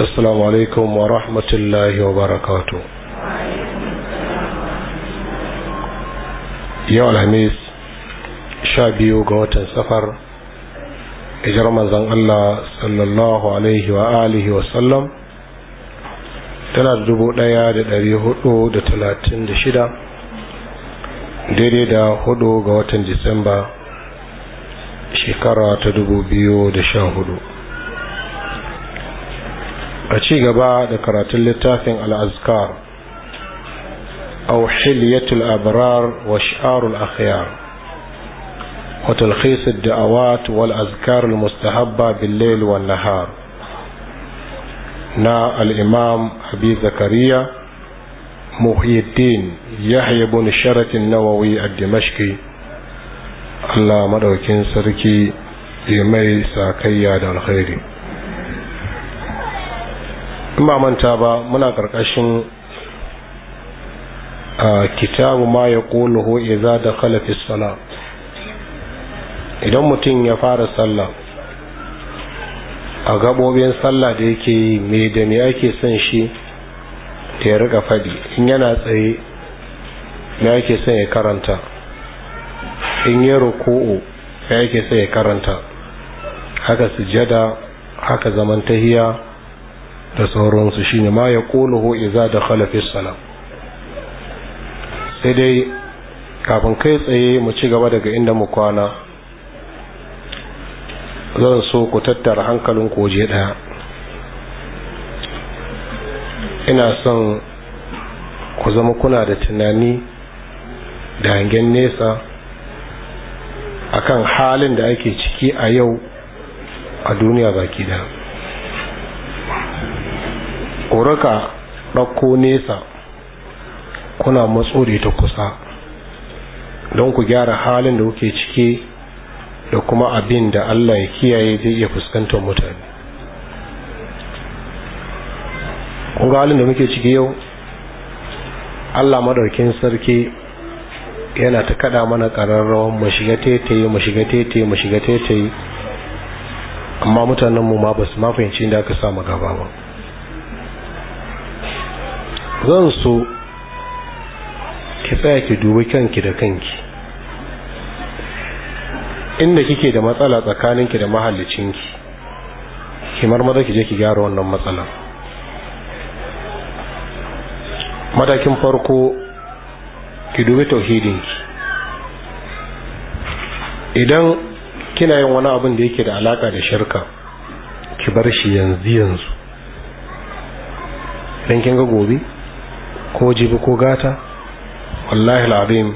السلام عليكم ورحمة الله وبركاته يا الهميس شابيو قوة سفر إجرم زن الله صلى الله عليه وآله وسلم tana da dubu ɗaya da ɗari hudu da talatin da shida daidai da huɗu ga watan disamba shekara ta dubu biyu da sha hudu a ci gaba da karatun littafin al'azkar auhiliyatul abrar wa sha'arul akhyar wa talkhis daawat wal azkar mustahabba billail layl nahar na al imam abi zakariya muhyiddin yahya ibn sharatin nawawi a dimashqi Allah madaukin sarki ya mai sakayya da alkhairi in ba manta ba muna karkashin a kitabu ma ya ƙonuhu iza da kalafi sala idan mutum ya fara sallah a gabobin sallah da yake yi me da me ake son shi da ya rika faɗi in yana tsaye me ake son ya karanta in yi ruku'u me ake son ya karanta haka sujada haka zaman da sauransu shine ma ya ƙuluhu iza da khalafis salam sai dai kafin kai tsaye mu ci gaba daga inda mu kwana zan so ku tattara hankalin koje ɗaya ina son ku zama kuna da tunani da hangen nesa akan halin da ake ciki a yau a duniya baki da. tsoraka ɗauko nesa kuna matso da ta kusa don ku gyara halin da kuke ciki da kuma abin da allah ya kiyaye zai iya fuskantar mutane kun halin da muke ciki yau allah maɗaukin sarki yana ta kada mana ƙararrawar mu shiga yi mu shiga yi mu shiga yi amma mutanenmu ma ba su ma fahimci inda aka samu gaba ba zan so ki tsaya ki dubi kanki da kanki inda kike da matsala tsakaninki da mahallicinki ki marmaza ki je ki gyara wannan matsalar matakin farko ki dubi tauhidinki idan kina yin wani abin da yake da alaka da shirka ki bar shi yanzu yanzu idan kin ga gobe ko jibi ko gata wallahi al'azim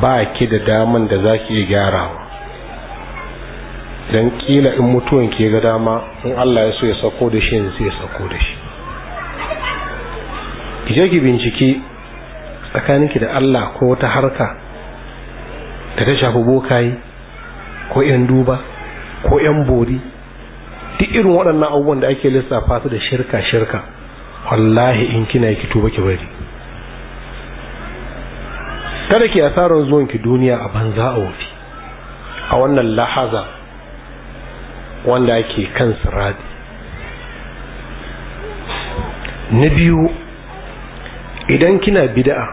ba ki da daman da zaki ki iya gyarawa don kila in mutuwan ke ga dama in allah ya so ya sako da shi sai ya sako da shi ki je ki binciki ki da allah ko wata harka da ta shafi bokaye ko 'yan duba ko 'yan bori duk irin waɗannan abubuwan da ake lissafa su da shirka shirka wallahi in kina ki tuba ki bari kada ki asarar zuwan ki duniya a banza a wofi a wannan lahaza wanda ake kan siradi na biyu idan kina bida'a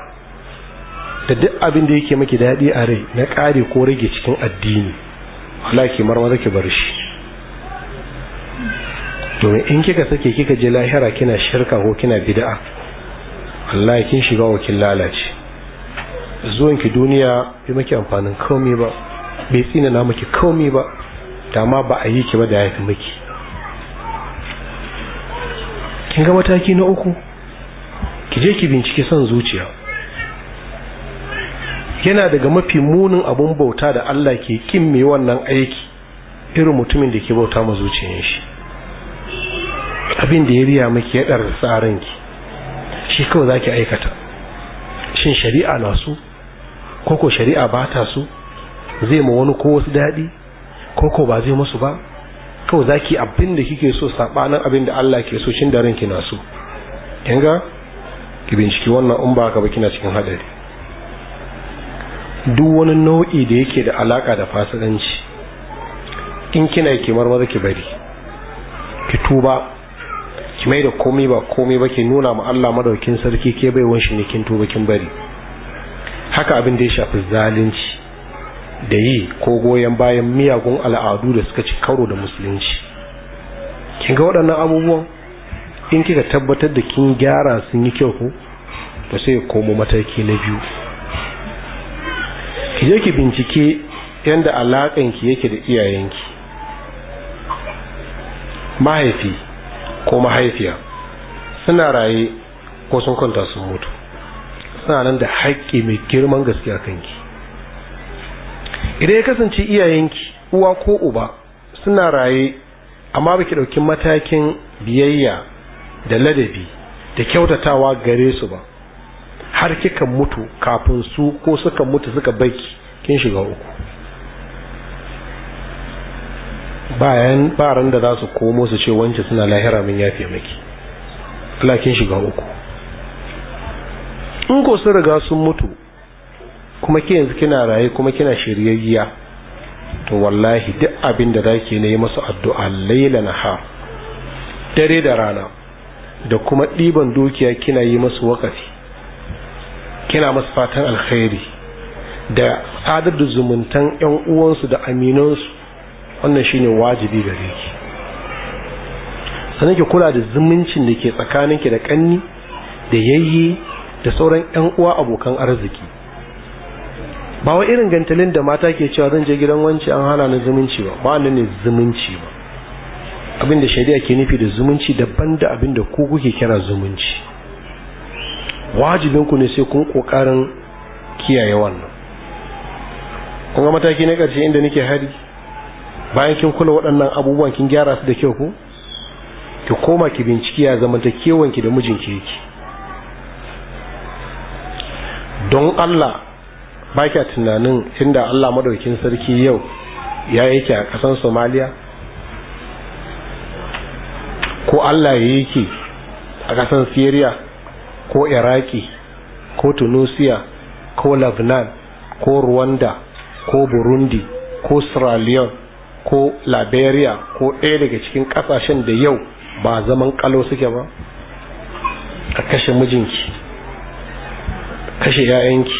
da duk abin da yake maki daɗi a rai na ƙare ko rage cikin addini wala ki marmaza ki bar shi domin in kika sake kika je lahira kina shirka ko kina bid'a wallahi kin shiga wakil lalace zuwan ki duniya bai maki amfanin komai ba bai tsina na maki komai ba da ma ba a yi ki ba da ya fi maki kin ga mataki na uku ki je ki bincike son zuciya yana daga mafi munin abun bauta da Allah ke kin mai wannan aiki irin mutumin da ke bauta ma zuciyar shi abin da ya riya maki ya ɗar tsarin ki shi kawai za ki aikata shin shari'a na su ko ko shari'a ba ta su zai ma wani ko wasu daɗi ko ko ba zai musu ba kawai za ki abin da kike so saɓanin abin da Allah ke so shin da ranki na su kin ga ki binciki wannan in ba ka ba kina cikin hadari duk wani nau'i da yake da alaka da fasadanci in kina kimar maza ki bari ki tuba ki mai da komai ba komai ba ki nuna ma Allah madaukin sarki ke bai shi ne kin tuba kin bari haka abin da ya shafi zalunci da yi ko goyon bayan miyagun al'adu da suka ci karo da musulunci kin ga waɗannan abubuwan in kika tabbatar da kin gyara sun yi kyau ko ba sai komo mataki na biyu ki je ki bincike yanda alaƙanki yake da iyayenki mahaifi ko mahaifiya suna raye ko sun kwanta sun mutu suna nan da haƙƙi mai girman gaskiya kanki idan ya kasance iyayenki uwa ko uba suna raye amma baki ɗauki matakin biyayya da ladabi da kyautatawa gare su ba har kika mutu kafin su ko suka mutu suka baki kin shiga uku bayan baran da za su komo su ce wancan suna lahira mun yafe maki Allah shiga uku in ko sun riga sun mutu kuma ke yanzu kina raye kuma kina shiryayya to wallahi duk abin da na yi masu addu'a laila ha dare da rana da kuma ɗiban dukiya kina yi masu wakati kina masu fatan alkhairi da adadin zumuntan 'yan uwansu da aminansu wannan shine wajibi gare ki sannan ki kula da zumuncin da ke tsakanin ki da kanni da yayye da sauran yan uwa abokan arziki ba wa irin gantalin da mata ke cewa zan je gidan wanci an hana ni zumunci ba ba ne zumunci ba abin da shari'a ke nufi da zumunci daban da abin da ku kuke kira zumunci wajibin ku ne sai kun kokarin kiyaye wannan kun ga mataki na ƙarshe inda nake hari bayan kin kula waɗannan abubuwan kin gyara su da kyau ko ki koma ki binciki ya zama ta kewan ki da mijinki yake don Allah ba kya tunanin inda Allah madaukin sarki yau ya yake a ƙasar Somalia ko Allah ya yake a ƙasar Syria ko Iraki ko Tunisia ko Lebanon ko Rwanda ko Burundi ko Sierra Leone ko liberia ko ɗaya daga cikin ƙasashen da yau ba zaman ƙalo suke ba a kashe mijinki kashe 'ya'yanki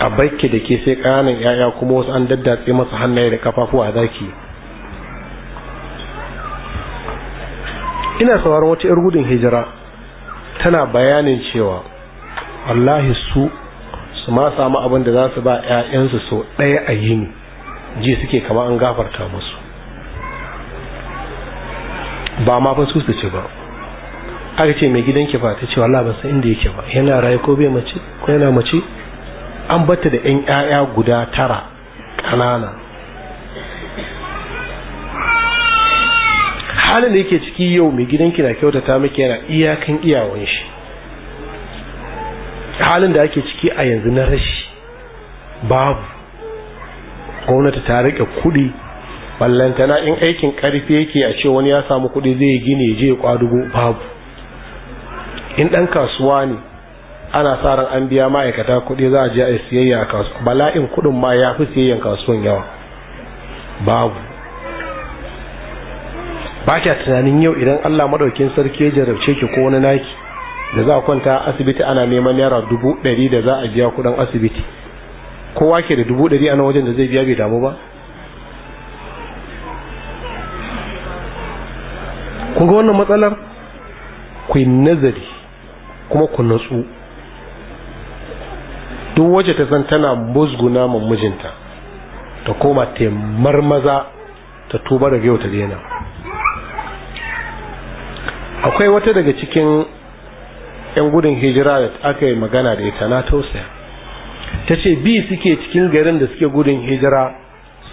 a baki da ke sai ƙananan 'ya'ya kuma wasu an daddatse masa hannaye da kafafuwa a zaki ina sauraron wata 'yar gudun hijira tana bayanin cewa wallahi su su ma samu abin da za su ba 'ya'yansu sau ɗaya a yini ji suke kama an gafarta musu ba ma fa su ce ba aka ce mai gidan ki ba ta ce wallahi ba san inda yake ba yana raye ko bai mace ko yana mace an batta da yan yaya guda tara kanana halin da yake ciki yau mai gidanki na kyautata miki yana iyakan iyawan shi halin da ake ciki a yanzu na rashi babu gwamnati ta rike kuɗi ballantana in aikin karfi yake a ce wani ya samu kuɗi zai gine je kwadugo babu in dan kasuwa ne ana sa ran an biya ma'aikata kuɗi za a je a siyayya a kasuwa bala'in kuɗin ma ya fi siyayyan kasuwan yawa babu ba kya tunanin yau idan Allah madaukin sarki ya jarabce ki ko wani naki da za a kwanta asibiti ana neman naira dubu ɗari da za a biya kuɗin asibiti kowa ke da dubu ɗari a nan wajen da zai biya bai damu ba kun ga wannan matsalar ku yi nazari kuma ku natsu duk waje ta san tana musguna ma mijinta ta koma ta marmaza ta tuba daga yau ta daina akwai wata daga cikin 'yan gudun hijira da aka yi magana da ita na tausaya ta ce bi suke cikin garin da suke gudun hijira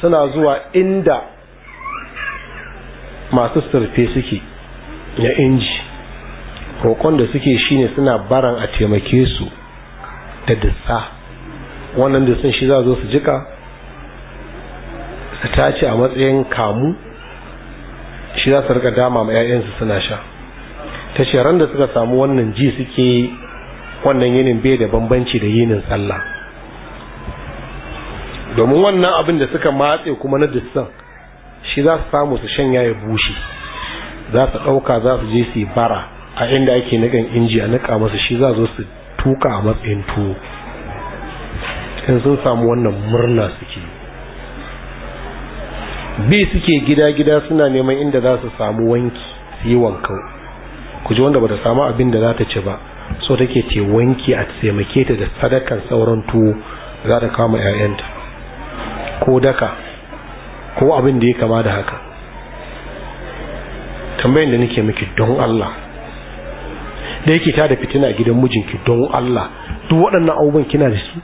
suna zuwa inda masu surfe suke na inji roƙon da suke shine suna baran a taimake su da dissa wannan da sun shi za zo su jika su tace a matsayin kamu shi za su rika dama ma 'ya'yansu suna sha ta ce ran da suka samu wannan ji suke wannan yinin bai da bambanci da yinin sallah domin wannan abin da suka matse kuma na dissan shi za su samu su shanya ya bushe za su ɗauka za su je su bara a inda ake nakan inji a nika masu shi za zo su tuka a matsayin tuwo in sun samu wannan murna suke bi suke gida-gida suna neman inda za su samu wanki su yi wankan ku ji wanda ba ta samu abin da za ta ci ba so take ce wanki a taimake ta da sadakan sauran tuwo za ta kama 'ya'yanta ko daka ko abin da ya kama da haka tambayin da nake miki don Allah da yake ta da fitina a gidan mijinki don Allah duk waɗannan abubuwan kina da su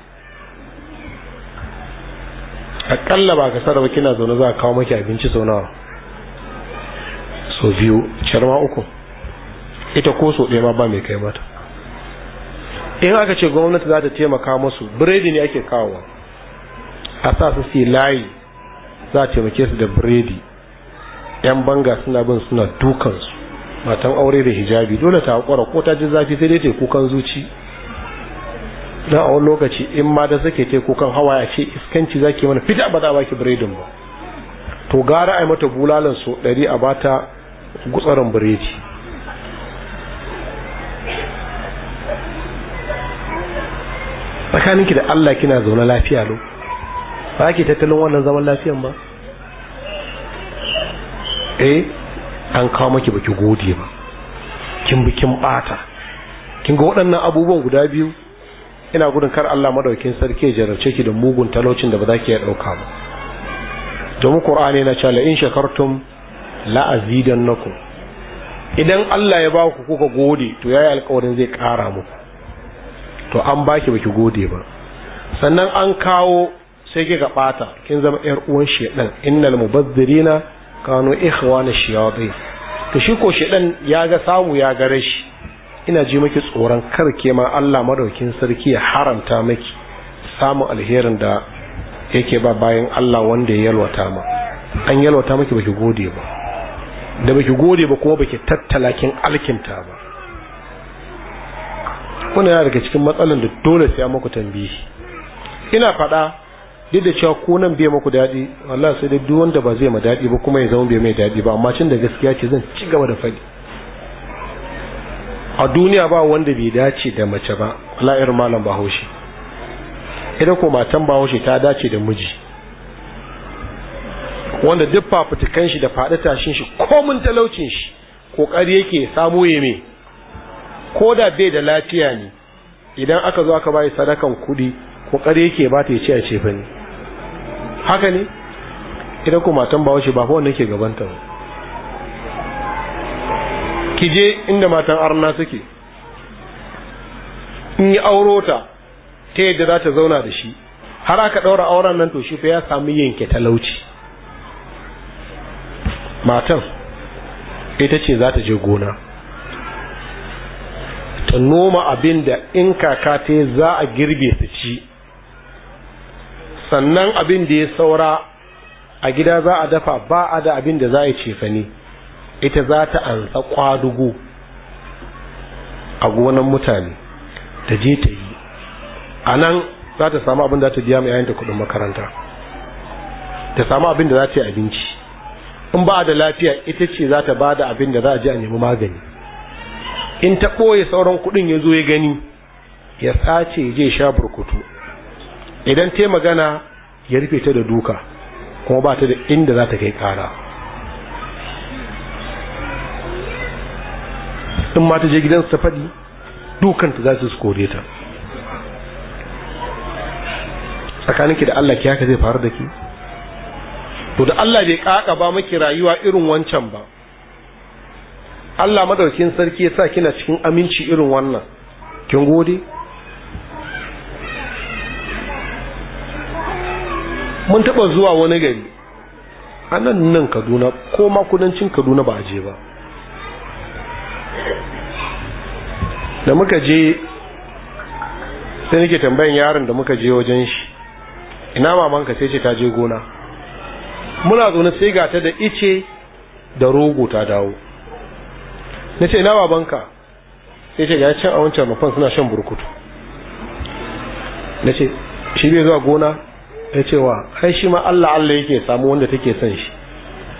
akalla ba ka sarrafa kina zaune za a kawo maki abinci zaunawa? so biyu charma uku ita ko so ɗaya ma ba mai kai mata in aka ce gwamnati za ta taimaka musu biredi ne ake kawowa a sa su sai layi za a taimake su da biredi yan banga suna bin suna dukansu matan aure da hijabi dole ta haƙura ko ta ji zafi sai dai ta kukan zuci na a wani lokaci in ma da suke ta kukan hawa ya ce iskanci za ki mana fita ba za a baki biredin ba to gara a yi mata bulalan so ɗari a bata gutsarin biredi tsakaninki da allah kina zaune lafiya lokaci ba ake tattalin wannan zaman lafiyan ba eh an kawo maki baki gode ba kin bi kin bata kin ga waɗannan abubuwan guda biyu ina gudun kar Allah madaukin sarki ya jarrace ki da mugun talaucin da ba za ki ya dauka ba domin Qur'ani na cewa la in shakartum la azidannakum idan Allah ya ba ku kuka gode to yayi alƙawarin zai ƙara muku to an baki baki gode ba sannan an kawo sai kika bata kin zama yar uwan shedan innal mubazzirina kanu ikhwana shayatin to shi ko shedan ya ga samu ya ga rashi ina ji miki tsoron karke ma Allah madaukin sarki ya haramta miki samun alherin da yake ba bayan Allah wanda ya yalwata ma an yalwata miki baki gode ba da baki gode ba kuma baki tattala kin alkinta ba Kuna yana daga cikin matsalan da dole sai muku tambayi ina faɗa duk da cewa ko nan bai maku daɗi Allah sai dai duk wanda ba zai ma daɗi ba kuma ya zama bai mai daɗi ba amma cin da gaskiya ce zan ci gaba da faɗi a duniya ba wanda bai dace da mace ba Allah irin malam Bahaushe idan ko matan Bahaushe ta dace da miji wanda duk fafutukan shi da faɗi tashin shi komun talaucin shi kokari yake samu ya me ko da bai da lafiya ne idan aka zo aka bayi sadakan kuɗi kokari yake ba ta ya ci a ce haka ne ita ko matan bawa shi ba fa wannan ke gabanta ba ki je inda matan arna suke in yi auro ta ta yadda za ta zauna da shi har aka ɗaura auren nan to shi fa ya samu yanke talauci matan ita ce za ta je gona ta noma abin da in kaka ta za a girbe ta ci sannan abin da ya saura a gida za a dafa ba a da abin da za a ce ne ita za ta ansa kwadugo a gonan mutane ta je ta yi a nan za ta samu abin da ta biya mai yayanta kudin makaranta ta samu abin da za ta yi abinci in ba da lafiya ita ce za ta ba da abin da za a je a nemi magani in ta ɓoye sauran kuɗin ya zo ya gani ya sace je sha burkutu idan ta magana ya rufe ta da duka kuma ba ta da inda za ta kai kara in ma ta je gidansu ta faɗi dukanta za su kore ta tsakaninki da Allah ki haka zai faru da ki to da Allah bai kaka ba maki rayuwa irin wancan ba Allah madaukin sarki ya sa kina cikin aminci irin wannan kin gode mun taba zuwa wani gari a nan nan kaduna ko ma kudancin kaduna ba a je ba da muka je sai nake tambayin yaron da muka je wajen shi ina mamanka sai ce ta je gona muna zaune sai ga ta da ice da rogo ta dawo na ce ina babanka sai ce ga can a wancan mafan suna shan burkutu na ce shi bai zuwa gona ya cewa wa ai shi ma Allah Allah yake samu wanda take son shi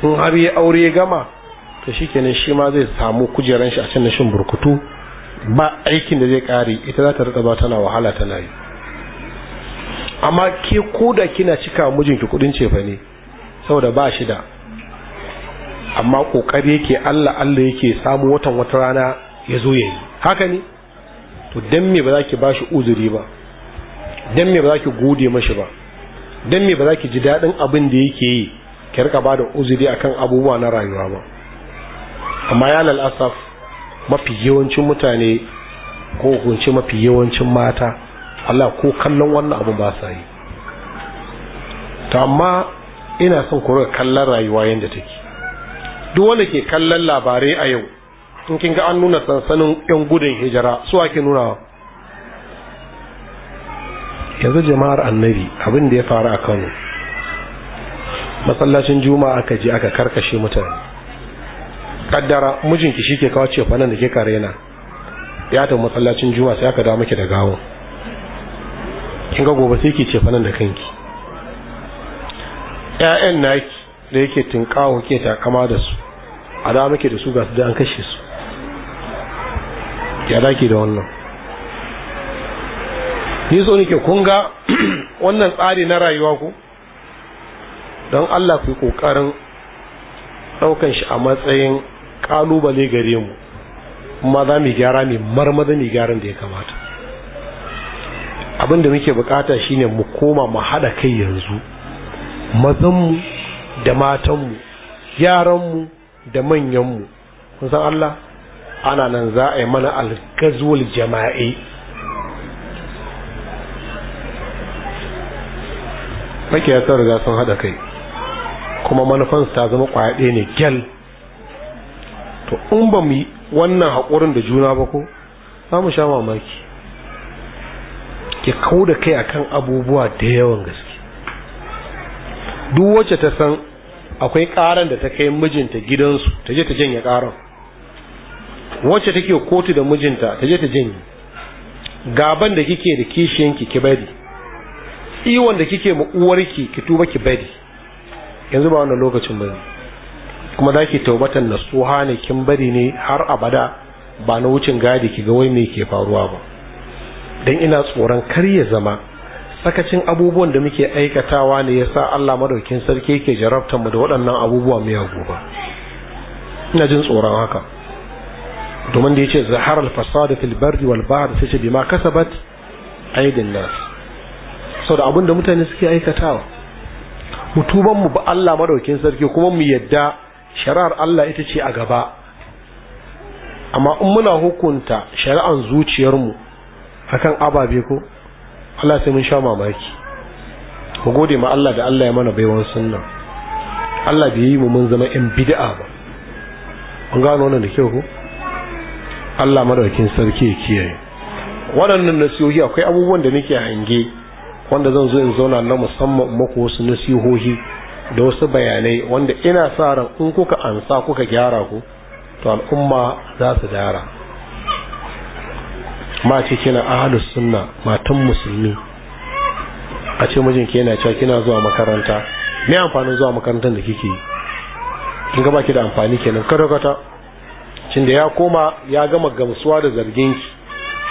in har yi aure gama to kenan shi ma zai samu kujeran shi a can shin burkutu ba aikin da zai kare ita za ta rika ba tana wahala tana yi amma ke ko da kina cika mijinki kudin cefa ne saboda ba shi da amma kokari yake Allah Allah yake samu watan wata rana ya zo yayi haka ne to dan me ba za ki ba shi uzuri ba dan me ba za ki gode mashi ba dan me ba za ki ji daɗin abin da yake yi ki rika ba da uzuri akan abubuwa na rayuwa ba amma ya lalasaf mafi yawancin mutane ko hukunci mafi yawancin mata Allah ko kallon wannan abu ba sa yi to amma ina son ku rika kallon rayuwa yadda take duk wanda ke kallon labarai a yau in kin ga an nuna sansanin yan gudun hijira su ake nuna. yanzu jama'ar annabi abin da ya faru a kano masallacin juma'a aka je aka karkashe mutane kaddara mijinki shi ke kawo ce fanan da ke karena ya tafi masallacin juma'a sai aka dawo miki da gawo kin ga gobe sai ke ce fanan da kanki ƴaƴan naki da yake tinkawo ke takama da su a dawo miki da su ga su da an kashe su ya dake da wannan ni so nake kun ga wannan tsari na rayuwa ku don Allah ku yi kokarin daukan shi a matsayin kalubale gare mu kuma za mu gyara ne marmada mu gyaran da ya kamata abin da muke bukata shine mu koma mu hada kai yanzu mazanmu da matanmu yaranmu da manyanmu kun san Allah ana nan za a yi mana algazwul jama'i makiya sun riga sun haɗa kai kuma manufansu ta zama kwaɗe ne gyal to in ba mu yi wannan haƙurin da juna ba ko za mu sha mamaki ki kau da kai akan abubuwa da yawan gaske duk wacce ta san akwai ƙaran da ta kai mijinta gidansu ta je ta janye ƙaran wacce take kotu da mijinta ta je ta janye gaban da kike da kishiyanki ki bari iwon da kike ma uwarki ki tuba ki bari yanzu ba wannan lokacin bane kuma zaki taubatan nasuha ne kin bari ne har abada ba na wucin gadi ki ga wai me ke faruwa ba dan ina tsoron kar ya zama sakacin abubuwan da muke aikatawa ne yasa Allah madaukin sarki yake jarabtar mu da waɗannan abubuwa miyagu ba ina jin tsoron haka domin da yace zahar al-fasad fil barri wal bahr sai ce bima kasabat aidin nas sau da abin da mutane suke aikatawa mu mu ba Allah madaukin sarki kuma mu yadda shari'ar Allah ita ce a gaba amma in muna hukunta shari'ar zuciyarmu akan ababe ko Allah sai mun sha mamaki mu gode ma Allah da Allah ya mana baiwan sunna Allah bai yi mu mun zama yan bid'a ba kun gano wannan da kyau ko Allah madaukin sarki ya kiyaye waɗannan nasihohi akwai abubuwan da nake hange wanda zan zo in zauna na musamman muku wasu nasihohi da wasu bayanai wanda ina sa ran in kuka ansa kuka gyara ku to al'umma za su gyara ma ce kina ahlus sunna matan musulmi a ce mijin ki yana cewa kina zuwa makaranta me amfanin zuwa makarantar da kike yi kin ga baki da amfani kenan kada cin da ya koma ya gama gamsuwa da zargin ki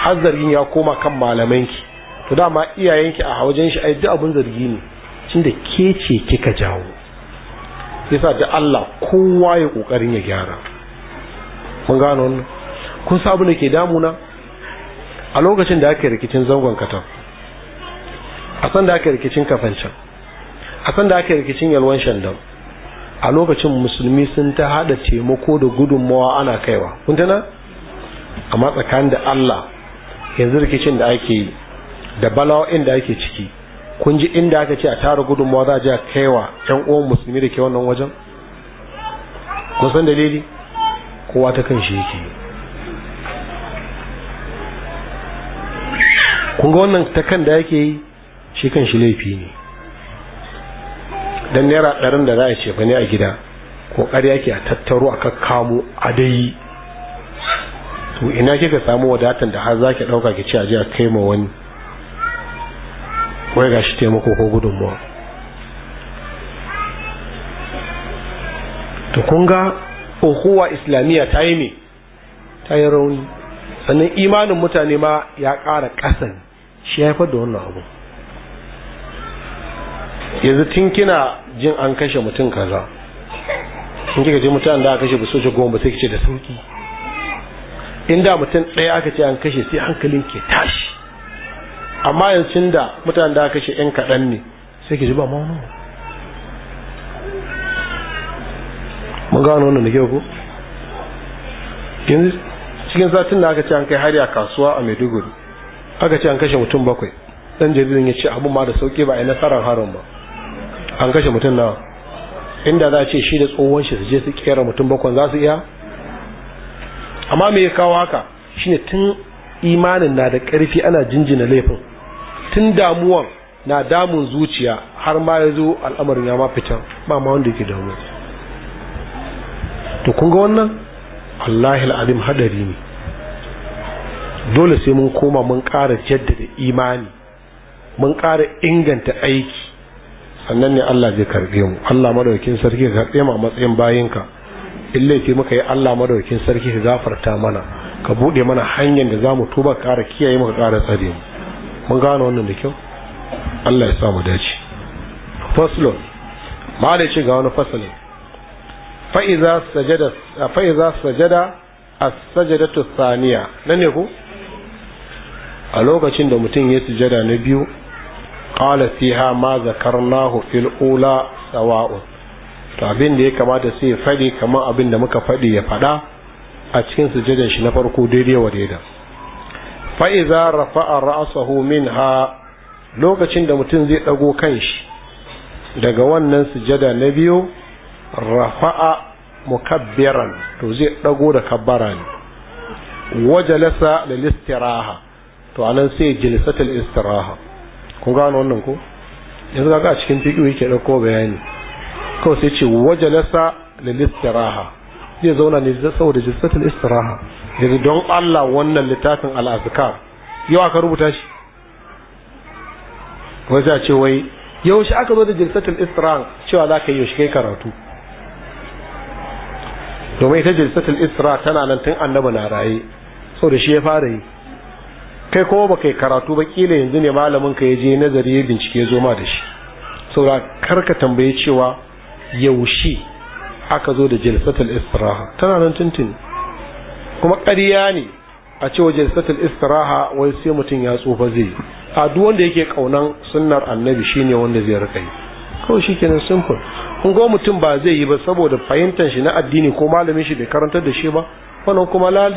har zargin ya koma kan malamanki. to dama iyayenki a wajen shi ai duk abun zargi ne tunda ke ce kika jawo yasa da Allah kowa ya kokarin ya gyara mun gano wannan kun sa ke damuna a lokacin da ake rikicin zangon katam a san da ake rikicin kafancan a san da ake rikicin yalwan shandam a lokacin musulmi sun ta hada taimako da gudunmawa ana kaiwa kun tana amma tsakanin da Allah yanzu rikicin da ake yi da bala'o'in da ake ciki kun ji inda aka ce a tara gudunmawa za a je a kaiwa ƴan uwan musulmi da ke wannan wajen kun san dalili kowa ta kan shi yake kun ga wannan ta kan da yake yi shi kan shi laifi ne don naira ɗarin da za a ce bane a gida kokari yake a tattaro a kakkamo a dai to ina kika samu wadatan da har ki ɗauka ki ce a ji a kai ma wani wai shi taimako ko gudunmuwa to kun ga uhuwa islamiyya ta yi ne ta yi rauni sannan imanin mutane ma ya ƙara ƙasan shi haifar da wannan abu yanzu tun kina jin an kashe mutum kaza in kika je mutane da aka kashe ba su goma sai kice da sauki inda mutum ɗaya aka ce an kashe sai hankalin ke tashi amma yanzu da mutanen da aka shi yan kaɗan ne sai ke ji ba mawa mun gano wannan da kyau ko yanzu cikin satin da aka ce an kai hari a kasuwa a maiduguri aka ce an kashe mutum bakwai dan jaririn ya ce abin ma da sauƙi ba a yi nasarar harin ba an kashe mutum na inda za a ce shi da tsohon shi su je su kera mutum bakwai za su iya amma me ya kawo haka shine tun imanin na da ƙarfi ana jinjina laifin tun damuwan na damun zuciya har ma ya zo al'amarin ya ma fita ba ma wanda yake damu to kun ga wannan Allah al'adim hadari ne dole sai mun koma mun ƙara jaddada imani mun ƙara inganta aiki sannan ne Allah zai karɓe mu Allah madaukin sarki ka karbe mu a matsayin bayinka in laifi muka yi Allah madaukin sarki ka gafarta mana ka buɗe mana hanyar da za mu tuba ƙara kiyaye muka ƙara tsare mu mun gano wannan da kyau Allah ya sa mu dace faslun ma da ce ga wani fasalin fa iza sajada fa iza sajada as-sajdatu thaniya nan ne ko a lokacin da mutum ya sujada na biyu qala fiha ma zakarnahu fil ula sawa'un to abin da ya kamata sai ya faɗi kamar abin da muka faɗi ya faɗa, a cikin sujadan shi na farko daidai wa daidai fa'iza rafa'a ra'asahu minha lokacin da mutum zai ɗago kanshi daga wannan sujada na biyu rafa'a mukabbiran to zai ɗago da kabbara ne wajalasa da listiraha to anan sai jilisatul istiraha kun gano wannan ko yanzu ga a cikin fiƙi yake ɗauko bayani kawai sai ce wajalasa da listiraha zai zauna ne saboda jisatul istiraha daga don Allah wannan littafin al'azkar yau aka rubuta shi wai za ce wai yau shi aka zo da jisatul istiraha cewa za ka yi shi kai karatu domin ita jisatul istiraha tana nan tun annaba na raye saboda shi ya fara yi kai kowa ba kai karatu ba kila yanzu ne malamin ka ya je nazari ya bincike zo ma da shi saboda karka tambaye cewa yaushe aka zo da jalsatul istiraha tana nan tuntuni kuma ƙarya ne a cewa jalsatul istiraha wai sai mutum ya tsufa zai a duk wanda yake kaunan sunnar annabi shine wanda zai rika yi kawai kenan simple kun ga mutum ba zai yi ba saboda fahimtar shi na addini ko malamin shi bai karantar da shi ba wannan kuma la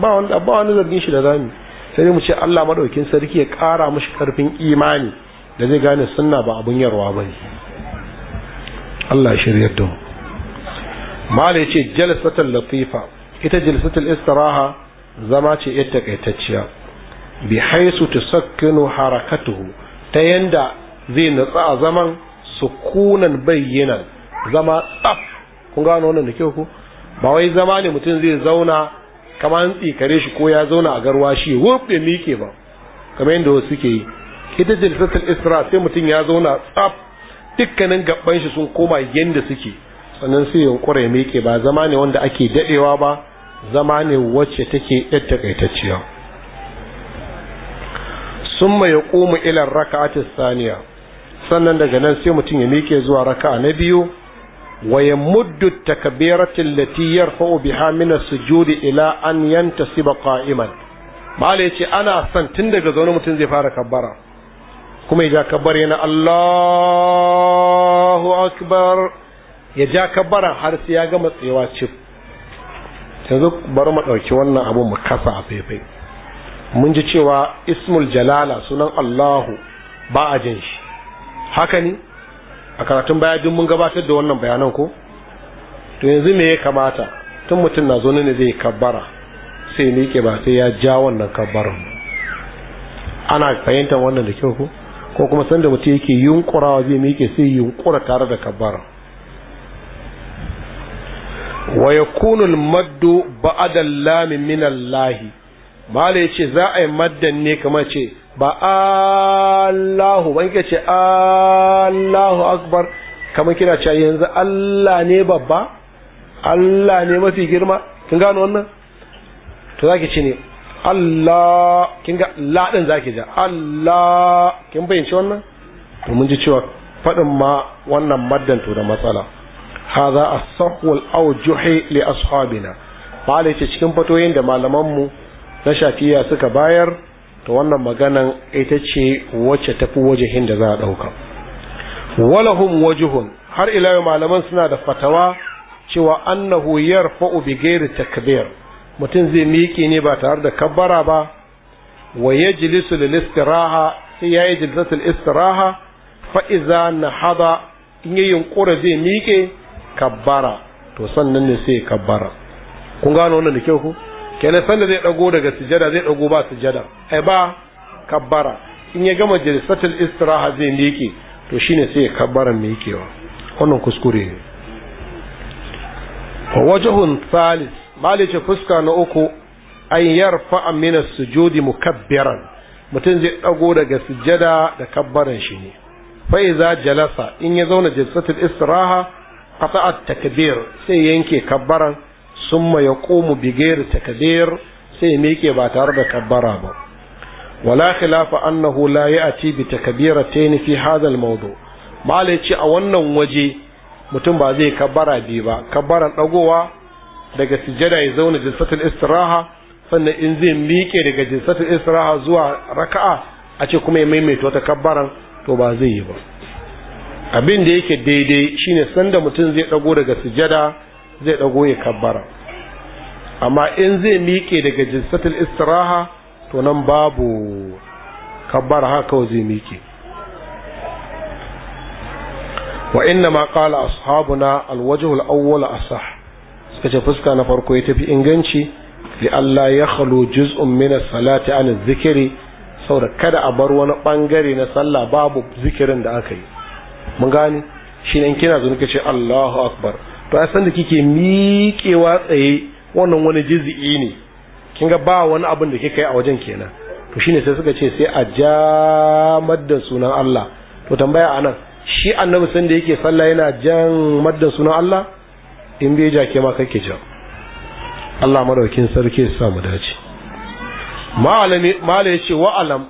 ba wani ba wani zargin shi da zami sai mu ce Allah madaukin sarki ya kara mishi karfin imani da zai gane sunna ba abun yarwa ba ne. Allah shiryar da mu mala ce jalsatul latifa ita jalsatul istiraha zama ce ita takaitacciya bi haisu tusakkinu harakatuhu ta yanda zai natsa a zaman sukunan bayyana zama tsaf kun gano wannan da kyau ku ba wai zama ne mutum zai zauna kamar an tsikare shi ko ya zauna a garwa shi wurfe mike ba kamar yadda wasu suke yi ita jalsatul istiraha sai mutum ya zauna tsaf dukkanin gaban shi sun koma yadda suke sannan su yunkure ya miƙe ba zama ne wanda ake daɗewa ba zama ne wacce take ɗan takaitacciya sun mai ya ƙumu ilar raka'atis saniya sannan daga nan sai mutum ya miƙe zuwa raka'a na biyu wa ya muddu takabiratin lati yarfa'u biha min as-sujudi ila an yantasiba qa'iman mala yace ana son tun daga zaune mutum zai fara kabbara kuma ya ja kabbare na Allahu akbar ya ja kabbara har sai ya gama tsayawa cif yanzu bari mu ɗauki wannan abu mu kasa a faifai mun ji cewa ismul jalala sunan allahu ba a jin shi haka ne a karatun baya duk mun gabatar da wannan bayanan ko to yanzu me ya kamata tun mutum na zo ne zai kabbara sai miƙe ba sai ya ja wannan kabbaran ana fahimtar wannan da kyau ko ko kuma sanda mutum yake yunkurawa zai mike sai yunkura tare da kabbara wa yakunu al-maddu ba'da al-lam min Allah mala yace za a yi maddan ne kamar ce ba Allahu ban ce Allahu akbar kamar kina cewa yanzu Allah ne babba Allah ne mafi girma kin gano wannan to zaki ce ne Allah kin ga la din zaki ja Allah kin bayyance wannan to mun ji cewa fadin ma wannan maddan to da matsala hadha a sahhu al-awjuh li ashabina malai ce cikin fatoyin da malaman mu na shafiya suka bayar to wannan maganan ita ce wacce tafi wajihin da za a dauka walahum wajuhun har ila yau malaman suna da fatawa cewa annahu yarfa'u bi ghairi takbir mutum zai miƙe ne ba tare da kabbara ba wa yajlisu lil istiraha sai yayi jilsatul istiraha fa idza nahada in yayin kura zai miƙe kabbara to sannan ne sai ya kabbara kun gano wannan da kyau ku kenan sanda zai dago daga sujada zai dago ba sujada ai ba kabbara in ya gama jalisatul istiraha zai miƙe to shine sai ya kabbara miƙewa wannan kuskure ne wa wajhun thalith malice fuska na uku an yarfa min as-sujudi mukabbiran mutum zai dago daga sujada da kabbaran shi ne fa iza jalasa in ya zauna jalisatul istiraha qata'a takbir sai yanke kabbaran summa yaqumu bi ghairi takbir sai miƙe ba tare da kabbara ba wala khilafa annahu la ya'ti bi takbiratayn fi hadha al-mawdu mala yace a wannan waje mutum ba zai kabbara bi ba kabbaran dagowa daga sujada ya zauna jinsatul istiraha sannan in zai miƙe daga jinsatul istiraha zuwa raka'a a ce kuma ya maimaita wata kabbaran to ba zai yi ba abin da yake daidai shine sanda mutum zai dago daga sujada zai dago ya kabbara amma in zai miƙe daga jinsatul istiraha to nan babu kabbara haka zai miƙe wa inna ma qala ashabuna alwajhu alawwal asah suka ce fuska na farko ya tafi inganci li Allah ya khalo juz'un min as-salati an az-zikri saboda kada a bar wani bangare na sallah babu zikirin da aka yi mun gane shi ne kina zo ce Allahu akbar to a san da kike miƙewa tsaye wannan wani jizi'i ne kinga ba wani abin da kika yi a wajen kenan to shine sai suka ce sai a jamar da sunan Allah to tambaya anan shi annabi san da yake sallah yana jan madda sunan Allah in bai ja ke ma kake ja Allah madaukin sarki ya sa mu dace malami malai ya ce wa alam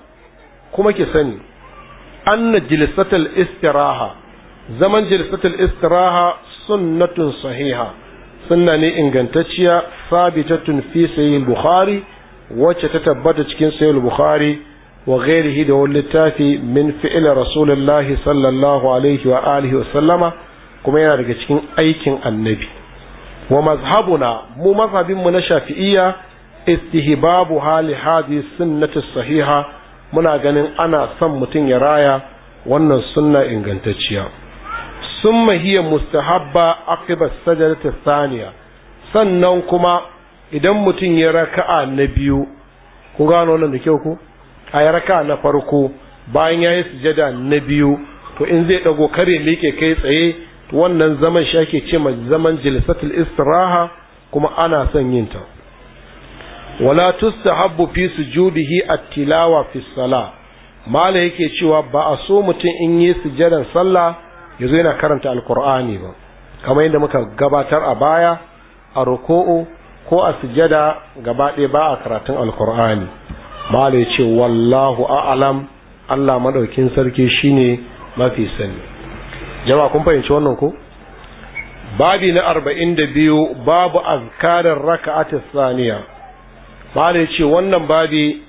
kuma ki sani anna jilsatul istiraha zaman jilsatul istiraha sunnatun sahiha sunna ne ingantaciya sabitatun fi sahih bukhari wacce ta tabbata cikin sahih bukhari wa ghairihi da wani littafi min fi'il rasulullahi sallallahu alaihi wa alihi wa sallama kuma yana daga cikin aikin annabi wa mazhabuna mu mazhabin mu na shafi'iyya istihbabu hali hadhihi sunnati sahiha muna ganin ana son mutum ya raya wannan sunna ingantacciya sun mahiyar mustahabba akibar sajarta saniya sannan kuma idan mutum ya raka'a na biyu ku gano nan da kyau ku a ya raka'a na farko bayan ya yi sujada na biyu to in zai dago kare miƙe kai tsaye wannan zaman shi ake ce ma zaman jilisatul istiraha kuma ana son yin ta wala tustahabbu fi sujudihi at-tilawa fi salah mala yake cewa ba a so mutum in yi sujadan sallah yazo yana karanta alqur'ani ba kamar yadda muka gabatar a baya a ruku'u ko a sujada gaba ba a karatun alqur'ani mala yace wallahu a'lam Allah madaukin sarki shine mafi sani jama'a kun fahimci wannan ko babi na 42 babu azkarar raka'atis saniya bare ce wannan babi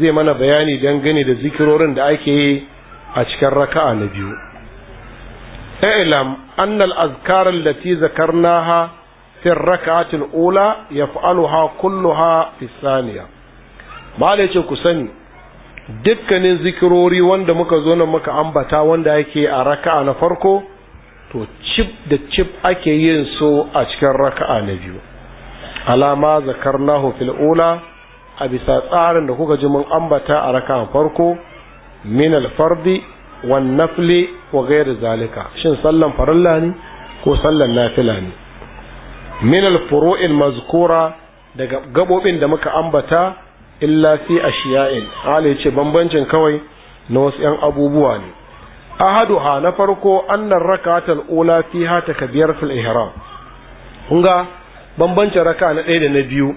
zai mana bayani dangane da zikirorin da ake yi a cikin raka'a na biyu اعلم أن الأذكار التي ذكرناها في الركعة ha fi كلها في الثانية ce ku sani dukkanin zikirori wanda muka zo nan muka ambata wanda ake a raka'a na farko to cip da cip ake yin so a cikin raka'a na biyu alama zakarnahu fil ula a bisa tsarin da kuka ji mun ambata a raka farko min alfardi wan nafli wa ghairi zalika shin sallan farilla ne ko sallan nafila ne min alfuru'il mazkura daga gabobin da muka ambata illa fi ashiya'in hali yace bambancin kawai na wasu yan abubuwa ne ahadu ha na farko annar rakatul ula fiha takbiratul ihram kun ga bambancin raka na ɗaya da na biyu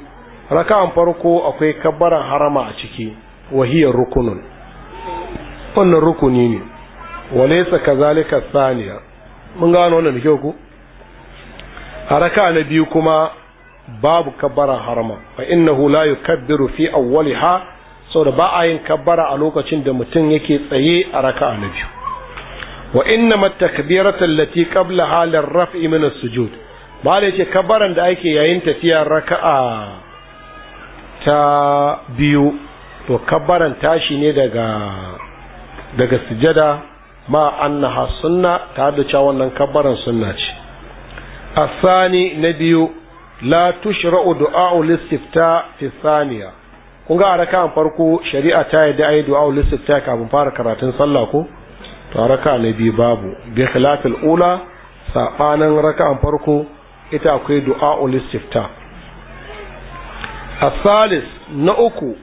raka'an farko akwai kabbaran harama a ciki wahiyar rukunun wannan rukuni ne ka zalika saniya mun gano wannan da ku a raka na biyu kuma babu kabbaran harama fa innahu la yukabbiru fi awwaliha saboda ba a yin kabbara a lokacin da mutum yake tsaye a raka na biyu wa inna takbiratu allati qablaha lirraf'i min as-sujud malai ce kabaran da ake yayin tafiya raka'a ta biyu to kabaran tashi ne daga daga sujada ma annaha sunna ta da cewa wannan kabaran sunna ce asani na biyu la tushra'u du'a'u listifta fi thaniya kun ga raka farko shari'a ta yi da'ayi du'a'u listifta kafin fara karatun sallah ko to raka na biyu babu bi khilafil ula sabanin raka'an farko ita akwai du'a'ul a asalis na uku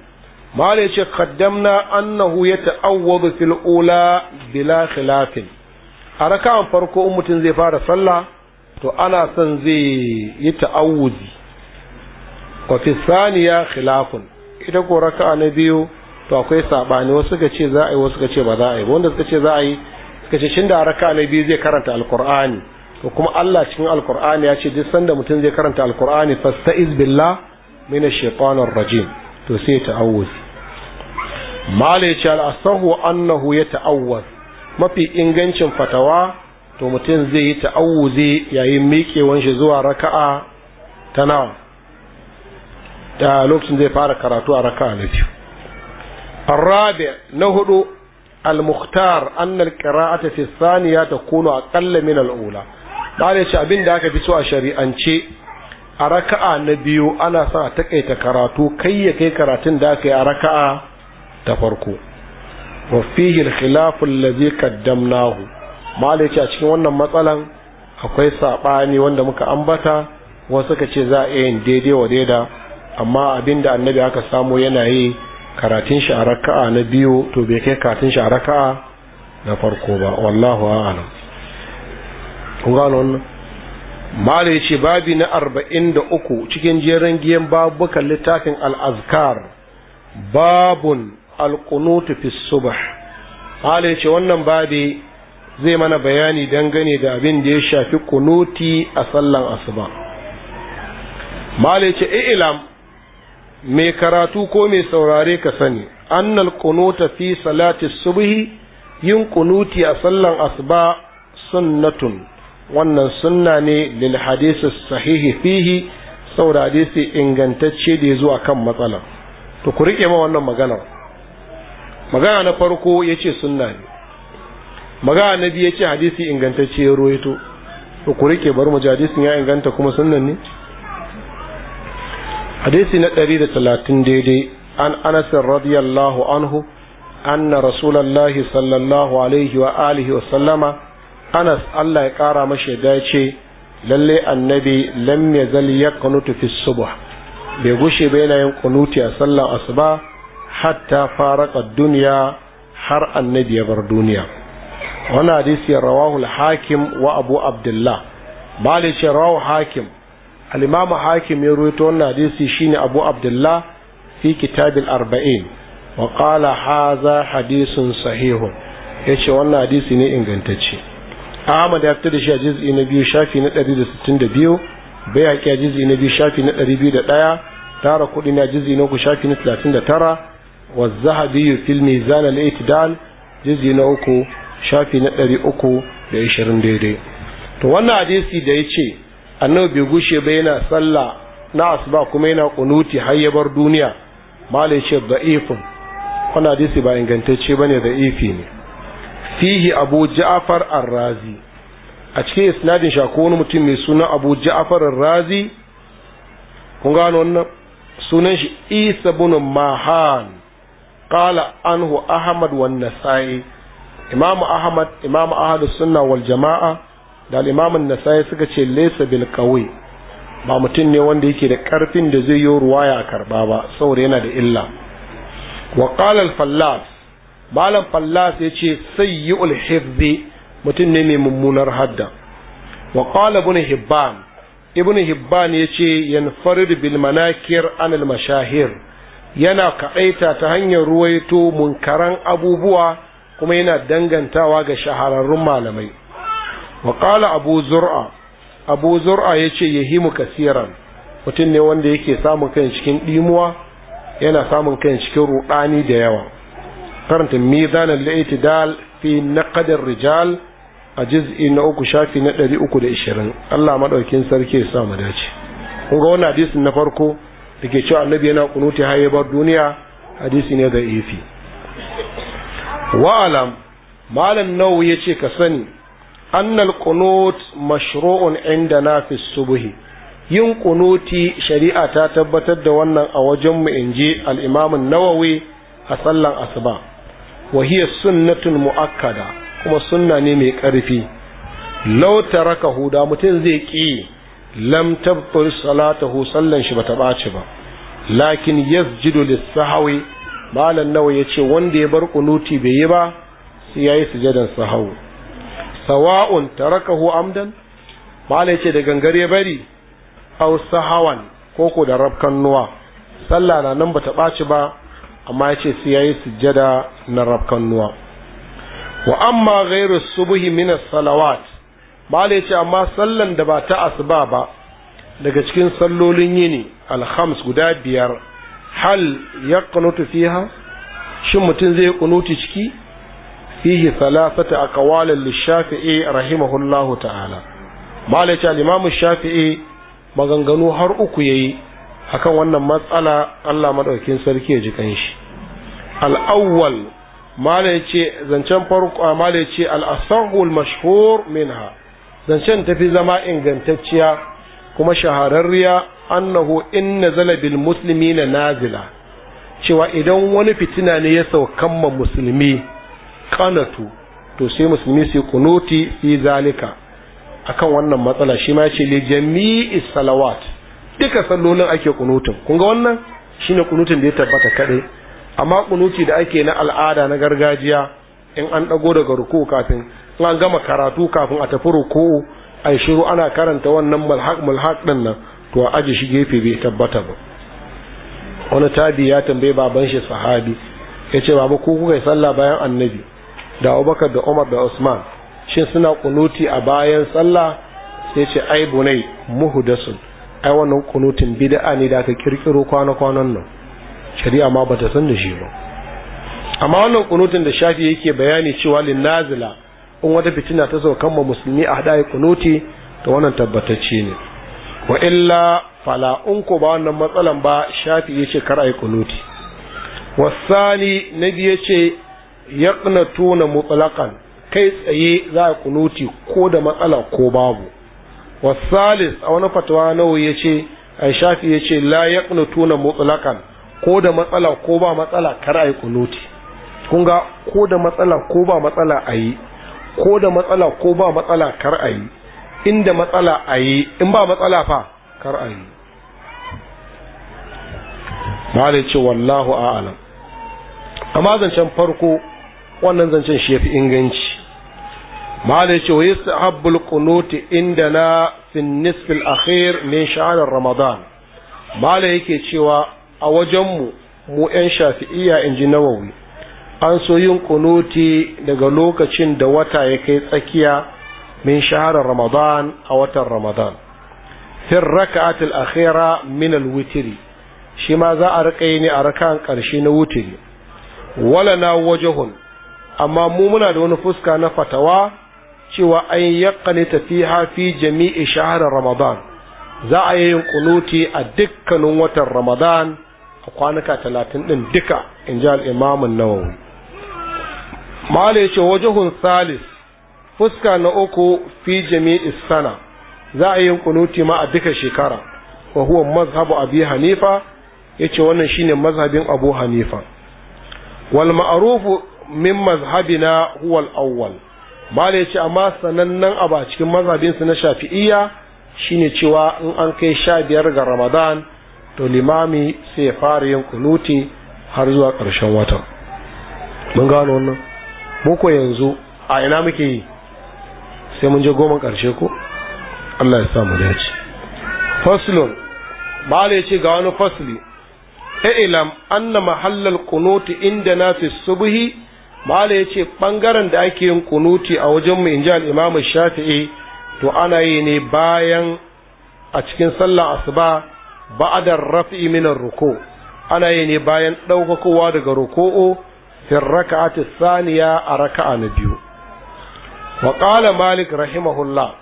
malai ce kaddamna annahu ta'awwadu fil ula bila khilafin a rakawan farko in mutum zai fara sallah to ana son zai yi ta'awudi wa fi saniya khilafun ita ko raka'a na biyu to akwai sabani wasu ga ce za a yi wasu ga ce ba za a yi wanda suka ce za a yi suka ce shin da raka'a na biyu zai karanta alqur'ani to kuma Allah cikin alkur'ani ya ce duk sanda mutum zai karanta alkur'ani fasta'iz billah min ash-shaytanir rajim to sai ta'awuz mala ya ce al-asahu annahu ya ta'awuz mafi ingancin fatawa to mutum zai yi ta'awuzi yayin miƙewan shi zuwa raka'a ta nawa da lokacin zai fara karatu a raka'a na biyu الرابع نهدو المختار أن القراءة في الثانية تكون أقل من الأولى mala ce abin da aka fi so a shari'ance a raka'a na biyu ana sa a takaita karatu kai ya kai karatun da aka yi a raka'a ta farko wa labikaddamnahu al ce a cikin wannan matsalan akwai saɓani wanda muka ambata wasu ka ce za a yin daidai wa daida amma abin da annabi aka samu yana yi karatun shi a raka'a na biyu to bai kai karatun shi a raka'a na farko ba wallahu a'lam kun gano wannan malai ce babi na arba'in da uku cikin jerin giyan babukan littafin al'azkar babun alkunutu fi subah malai ce wannan babi zai mana bayani dangane da abin da ya shafi kunuti a sallan asuba malai ce ilam mai karatu ko mai saurare ka sani annal kunuta fi salati subhi yin kunuti a sallan asuba sunnatun wannan sunna ne lil hadisi sahihi fihi saboda hadisi ingantacce da ya zuwa kan matsala. to ku rike ma wannan magana magana na farko ya ce sunna ne magana na biyu ya ce hadisi ingantacce ya ruwaito to ku rike bar mu ji hadisin ya inganta kuma sunnan ne hadisi na 130 daidai an anas radiyallahu anhu anna rasulullahi sallallahu alaihi wa alihi wa sallama anas allah ya ƙara mashi ya ce lalle annabi lam ya yaqnutu fi subh bai gushe ba yana yin kunuti a sallar asuba hatta faraka duniya har annabi ya bar duniya wannan hadisi rawahu al-hakim wa abu abdullah bali ce rawahu hakim al-imam hakim ya ruwaito wannan hadisi shine abu abdullah fi kitab arbain wa qala hadha hadithun sahihun yace wannan hadisi ne ingantacce Ahmad ya fito da shi a juz'i na biyu shafi na 162 Bayhaqi a juz'i na biyu shafi na 201 Tara kudi na juz'i na uku shafi na 39 wa Zahabi filmi zana al-Itidal juz'i na uku shafi na 320 daidai to wannan hadisi da ya ce annabi bai gushe ba yana sallah na asuba kuma yana kunuti har ya bar duniya malai ce da'ifun wannan hadisi ba ingantacce da ifi ne fihi abu ja'far ar-razi a cikin isnadin shi akwai wani mutum mai suna abu ja'far ar-razi kun gano wannan sunan shi isa ibn mahan qala anhu ahmad wan nasai imam ahmad imam ahlus sunna wal jamaa da al-imam an-nasai suka ce laysa bil qawi ba mutum ne wanda yake da karfin da zai yi ruwaya a karba ba saboda yana da illa wa qala al-fallas malam fallas ya ce sayyi'ul hifzi mutum ne mai mummunar hadda wa qala ibn hibban ibn hibban ya ce yanfarid bil manakir anil mashahir yana kaɗaita ta hanyar ruwaito munkaran abubuwa kuma yana dangantawa ga shahararrun malamai wa qala abu zur'a abu zur'a ya ce yahimu kasiran mutum ne wanda yake samun kan cikin ɗimuwa yana samun kan cikin ruɗani da yawa karanta mizan al-i'tidal fi naqd ar-rijal a juz'i na uku shafi na 320 Allah madaukin sarki ya sa mu dace kun ga wannan hadisin na farko dake cewa annabi yana kunuti haye bar duniya hadisi ne da ifi wa alam malam nau yace ka sani annal qunut mashru'un indana fi subhi yin kunuti shari'a ta tabbatar da wannan a wajenmu in je al'imamin nawawi a sallan asuba wa hiya sunnatun muakkada kuma sunna ne mai karfi law taraka huda mutum zai ki lam tabtul salatahu sallan shi bata baci ba lakin yasjudu lis-sahwi malan nawa yace wanda ya bar kunuti bai yi ba sai yayi sujadan sahwi sawa'un tarakahu amdan malai ce da gangare bari aw sahawan koko da rabkan nuwa sallah na nan bata baci ba amma ya ce sai ya yi sujjada na rafkannuwa wa amma gairu subuhi mina salawat mala ya ce amma sallan da ba ta asuba ba daga cikin sallolin yini alhams guda biyar hal ya kunutu fiha shin mutum zai kunuti ciki fihi salasata kawalin lishafi'i rahimahullahu ta'ala mala ya ce al shafi'i maganganu har uku ya yi. akan wannan matsala Allah maɗaukin sarki ya ji kanshi al-awwal mala yace zancen farko mala yace al-asahul mashhur minha zancen tafi zama ingantacciya kuma shahararriya annahu inna Zalabil, bil muslimina nazila cewa idan wani fitina ne ya sauka ma musulmi kanatu to sai musulmi su kunuti fi zalika akan wannan matsala shi ma yace li jami'is salawat duka sallolin ake kunutun kun ga wannan shine kunutun da ya tabbata kadai amma kunuti da ake na al'ada na gargajiya in an dago daga ruku kafin in an gama karatu kafin a tafi ruku ai shiru ana karanta wannan mulhaq mulhaq din nan to a aji shi gefe bai tabbata ba wani tabi ya tambaye baban shi sahabi ya ce baba ko kuka yi sallah bayan annabi da abubakar da umar da usman shin suna kunuti a bayan sallah sai ce ai bunai muhdasun ai wannan kunutin bid'a ne da aka kirkiro kwana-kwanan nan shari'a ma bata san da shi ba amma wannan kunutin da shafi yake bayani cewa lin nazila in wata fitina ta sauka ma musulmi a hada kunuti to wannan tabbatacce ne wa illa fala in ko ba wannan matsalan ba shafi yace kar ai kunuti wasani nabi yace yaqnatuna mutlaqan kai tsaye za a kunuti ko da matsala ko babu wasalis a wani fatawa nawawi ya ce a shafi ya ce la ya tuna mutsulakan ko da matsala ko ba matsala kar a yi kunuti kun ga ko da matsala ko ba matsala a yi ko da matsala ko ba matsala kar a yi inda matsala a yi in ba matsala fa kar a yi ba ce wallahu a'alam amma zancen farko wannan zancen shi ya fi inganci malam ce wa yustahabbu al-qunut indana fi na nisf akhir min shahr ramadan malai yake cewa a wajen mu mu yan shafi'iyya inji nawawi an so yin kunuti daga lokacin da wata ya kai tsakiya min shaharar ramadan a watan ramadan fin raka'atul akhira min alwitri shi ma za a rika yi ne a rakan karshe na wutiri wala na wajahun amma mu muna da wani fuska na fatawa cewa an yakkane fiha fi jami'i shahara ramadan za a yi kunuti a dukkanin watan ramadan a kwanuka talatin din duka in ji al'imamun nawawi mala ce wajahun salis fuska na uku fi jami'i sana za a yi kunuti ma a duka shekara wa huwa mazhabu abi hanifa ya ce wannan shine mazhabin abu hanifa wal ma'arufu min mazhabina huwa al mala ya ce amma sanannen abu a cikin mazhabinsu na shafi'iyya shine cewa in an kai sha biyar ga ramadan to limami sai ya fara yin kunuti har zuwa ƙarshen watan mun gano wannan muku yanzu a ina muke yi sai mun je goma ƙarshe ko allah ya sa mu dace faslun mala ya ce ga wani fasli ilam na mahallar kunuti inda na fi subuhi. mala ya ce ɓangaren da ake yin kunuti a wajen mu inji al'imamu shafi'i to ana yi ne bayan a cikin sallah asuba ba'adar raf'i minan ruko ana yi ne bayan ɗaukakowa daga ruko'o fin a tisaniya a raka'a na biyu wa qala malik rahimahullah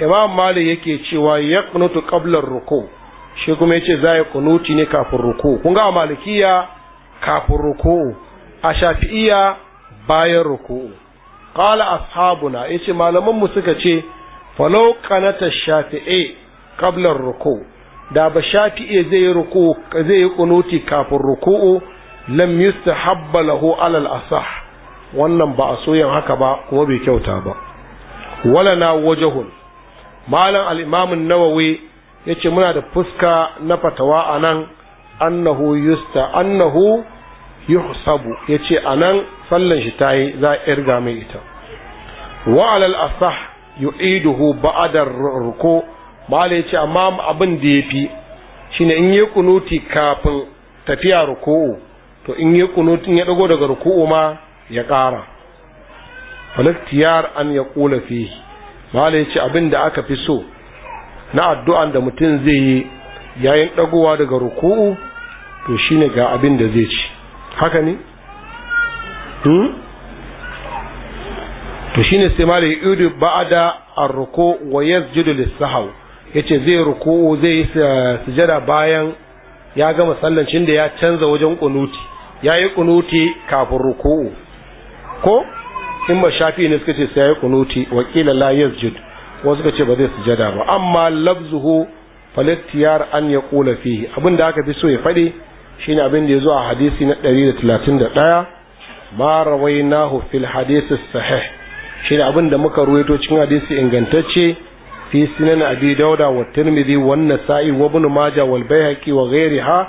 imam malik yake cewa ya kunutu ƙablar ruko shi kuma yace za ya kunuti ne kafin ruko kun ga malikiya kafin ruko a shafi'iya bayan ruku'u qala ashabuna yace malaman mu suka ce falau qanata shafi'i qabla ruku'u da ba shafi'i zai yi ruku'u zai yi kunuti kafin ruku'u lam yustahabba lahu alal asah wannan ba a soyan haka ba kuma bai kyauta ba wala na wajahun malam al nawawe nawawi yace muna da fuska na fatawa anan annahu yusta annahu yuhsabu yace anan sallan shi tayi za a irga mai ita wa alal asah yu'iduhu ba'da ruku mala yace amma abin da yafi shine in yi kunuti kafin tafiya ruku to in yi kunuti ya dago daga ruku ma ya ƙara falaktiyar an ya kula fihi mala yace abin da aka fi so na addu'an da mutum zai yi yayin dagowa daga ruku to shine ga abin da zai ci haka ne hmm? to shine sai ma da yudu ba'da ar wa yasjudu lis-sahw yace zai ruku zai sujada bayan ya gama sallancin da ya canza wajen kunuti yayi kunuti kafin ruku ko in ba shafi ne suka ce sai yayi kunuti wa qila la yasjud wasu suka ce ba zai sujada ba amma lafzuhu falattiyar an yaqula abin da aka fi so ya fade ne abin da ya zo a hadisi na ɗari 131 ma rawainahu fil hadisi Shi ne abin da muka ruwaito cikin hadisi ingantacce fi sunan abi dauda wa tirmidhi wa sa'i, wa ibn majah wal baihaqi wa ghayriha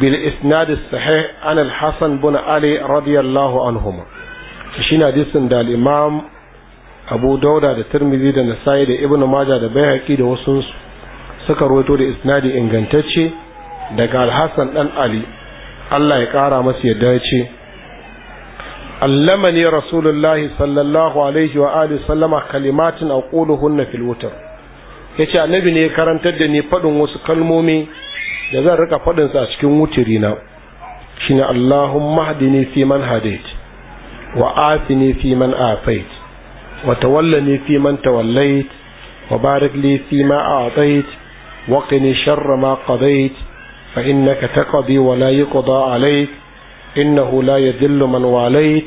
bil isnad sahih an al bin ali radiyallahu anhuma ne hadisin da al abu dauda da tirmidhi da nasa'i da ibnu maja da baihaqi da wasu suka ruwaito da isnadi ingantacce daga alhassan dan ali allah ya ƙara masa ya dace allamani rasulullahi sallallahu alaihi wa alihi sallama kalimatin hunna fil Ya yace annabi ne karantar da ni faɗin wasu kalmomi da zan rika faɗin a cikin wutiri na shine allahumma hadini fi man hadait wa afini fi man afait wa tawallani fi man tawallait wa barik li fi ma a'tait wa qini sharra ma qadait فإنك تقضي ولا يقضى عليك إنه لا يذل من واليت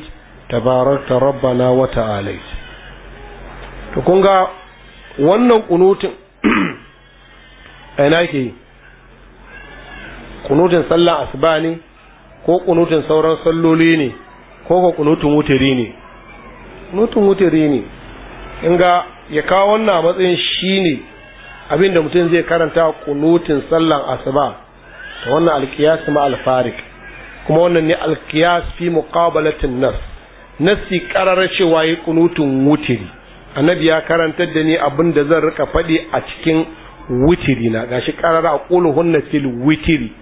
تباركت ربنا وتعاليت تكونغا wannan kunutun aina ke Kunutin sallah asuba ne ko kunutin sauran salloli ne ko kunutin kunutun ne Kunutin wutiri ne in ga ya kawo wannan matsayin shine abinda mutum zai karanta kunutin sallan asuba to wannan alkiyas ma alfarik kuma wannan ne alkiyas fi muqabalatin nas nasi karara cewa yi kunutun wutiri annabi ya karantar da ni abin da zan rika faɗi a cikin wutiri na gashi karara a qulu hunna fil wutiri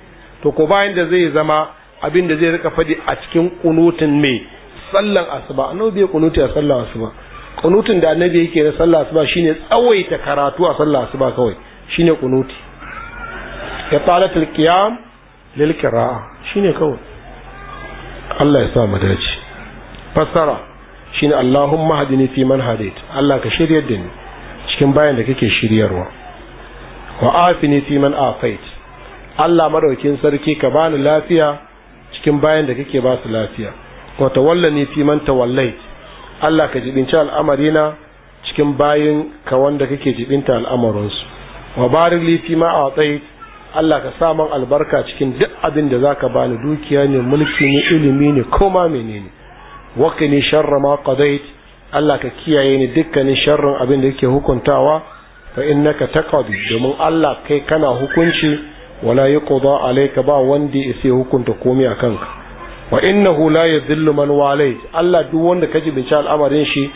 to ko bayan da zai zama abin da zai rika faɗi a cikin kunutun mai sallan asuba annabi bai kunuti a sallan asuba kunutun da annabi yake na sallan asuba shine tsawaita karatu a sallan asuba kawai shine kunuti ya qiyam lil qira'a shine kawai Allah ya sa mu dace fassara shine Allahumma hadini fi man hadait Allah ka shiryar da ni cikin bayan da kake shiryarwa wa afini fi man afait Allah madaukin sarki ka bani lafiya cikin bayan da kake ba su lafiya wa tawallani fi man tawallait Allah ka jibinci al'amarina cikin bayin ka wanda kake jibinta al'amarinsu wa barik li fi ma a'tait Allah ka sa man albarka cikin duk abin da zaka bani dukiya ne mulki ne ilimi ne koma menene waka ne sharra ma qadait Allah ka kiyaye ni dukkanin sharrin abin da yake hukuntawa fa innaka taqadi domin Allah kai kana hukunci wala yuqda alayka ba wanda yake hukunta komai akan ka wa innahu la yadhillu man walayt Allah duk wanda kaji bincin al'amarin shi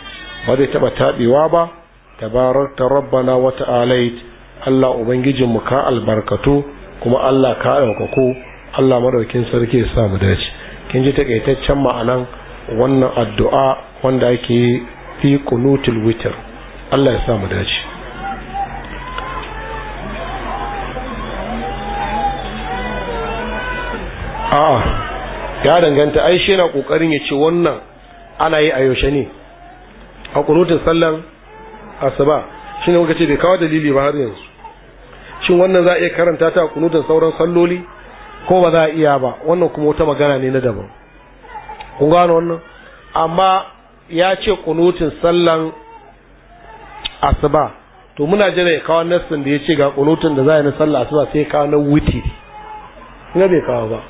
ba zai taba tabewa ba tabarakta rabbana wa ta'alait Allah ubangijin mu ka albarkatu kuma Allah ka ɗaukaku Allah madaukin sarki ya sa mu dace kin ji takaitaccen ma'anan wannan addu'a wanda ake fi qunutul witr Allah ya sa mu dace a'a ya danganta ai shi yana kokarin ya ce wannan ana yi a yaushe ne a kunutun sallan asuba shine kuka ce bai kawo dalili ba har yanzu shin wannan za a iya karanta ta a kunutan sauran salloli ko ba za a iya ba wannan kuma wata magana ne na daban kun gano wannan amma ya ce kunutin sallan asuba to muna jira ya kawo nassin da ya ce ga kunutin da za a yi na sallan asuba sai ya kawo na wuti ina bai kawo ba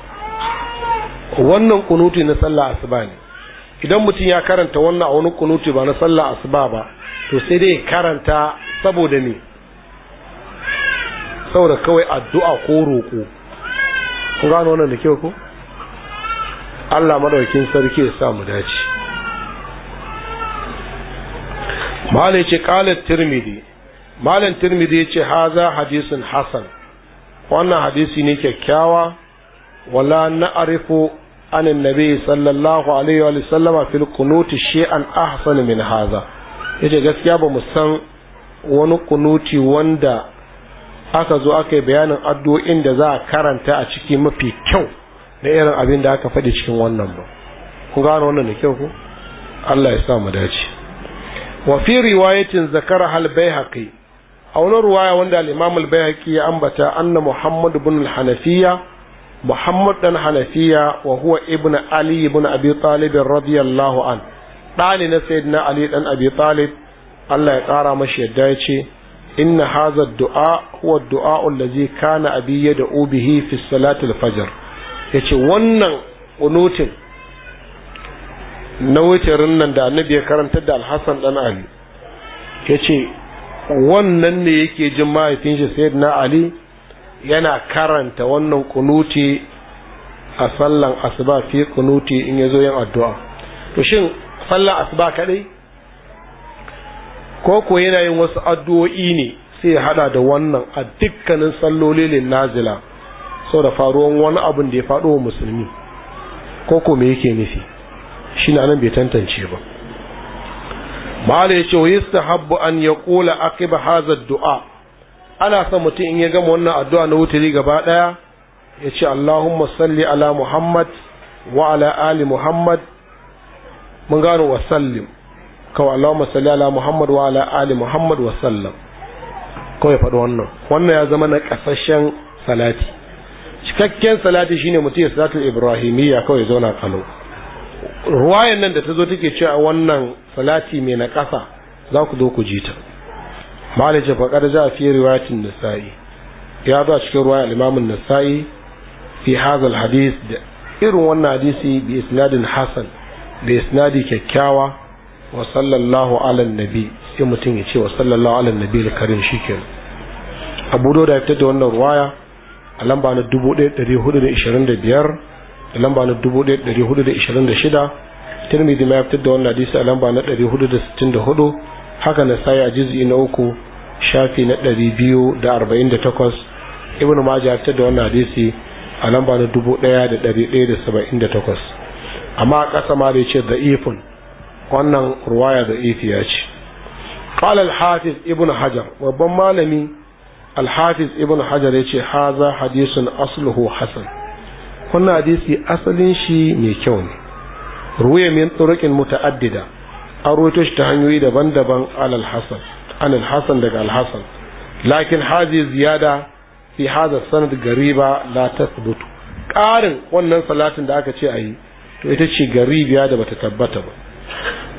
wannan kunuti na sallah asuba ne idan mutum ya karanta wannan a wani kunuti ba na sallah asuba ba to sai dai karanta saboda ne. saboda kawai addu'a ko roƙo ku gano wannan da kyau ko Allah madaukin sarki ya sa mu dace malai ce qalat tirmidhi malam tirmidhi ya ce haza hadisin hasan wannan hadisi ne kyakkyawa wala na'rifu anin nabi sallallahu alaihi wa sallama fil kunuti shay'an ahsan min haza yace gaskiya ba mu san wani kunuti wanda aka zo aka yi bayanin addu'o'in da za a karanta a ciki mafi kyau na irin abin da aka faɗi cikin wannan ba ku gano wannan da kyau ku Allah ya sa mu dace wa fi riwayatin zakara hal baihaqi a wani ruwaya wanda al-imam al-baihaqi ya ambata anna muhammad ibn al-hanafiya muhammad dan hanafiya wa huwa ibn ali ibn abi talib radiyallahu an dani na sayyidina ali dan abi talib Allah ya kara mashi yadda ya ce inna hadha ad-du'a huwa dua allazi kana abi yad'u bihi fi salati al-fajr yace wannan kunutin na wutarin nan da annabi ya karanta da al ɗan dan ali yace wannan ne yake jin mahaifin shi sayyidina ali yana karanta wannan kunuti a sallan asuba fi kunuti in yazo yin addu'a to shin sallan asuba kadai ko ko yana yin wasu addu'o'i ne sai ya hada da wannan a dukkanin sallolin nazila sau da faruwan wani abun da ya faɗo wa musulmi ko ko me yake nufi shi na nan bai tantance ba Malam ya ce wa yastahabbu an yaqula aqiba hadha du'a ana son mutum in ya gama wannan addu'a na wuturi gaba daya ya ce Allahumma salli ala Muhammad wa ala ali Muhammad mun gano wa sallim kawai Allahumma salli ala Muhammad wa ala ali Muhammad wa sallam kawai faɗi wannan wannan ya zama na kasashen salati cikakken salati shine mutum ya salatu ibrahimiyya kawai zauna kano ruwayan nan da ta zo take cewa wannan salati mai na ƙasa za ku zo ku ji ta malice faƙar za fi fiye riwayatin nasa'i ya zo a cikin ruwayan limamin nasa'i fi hadha al da irin wannan hadisi bi isnadin hasan da isnadi kyakkyawa wa sallallahu alal nabi sai mutum ya ce wa sallallahu alal nabi al-karim shikenan Abu da ya fitar da wannan ruwaya a lamba na 1425 da lamba na 1426 Tirmidhi ma ya fitar da wannan hadisi a lamba na 464 haka na sai a juz'i na uku shafi na 248 Ibn maji ya fitar da wannan hadisi a lamba na 1178 amma a ƙasa ma da ya ce da ifin. wannan ruwaya da ifiya ce qala al-hafiz ibn hajar babban malami al ibn hajar ya yace haza hadisun asluhu Hassan, wannan hadisi asalin shi mai kyau ne ruwaya min turuqin muta'addida an ruwaito shi ta hanyoyi daban-daban alal hasan anil hasan daga alHassan. hasan lakin hazi ziyada fi hadha sanad gariba la tathbutu ƙarin wannan salatin da aka ce ayi to ita ce garibiya da bata tabbata ba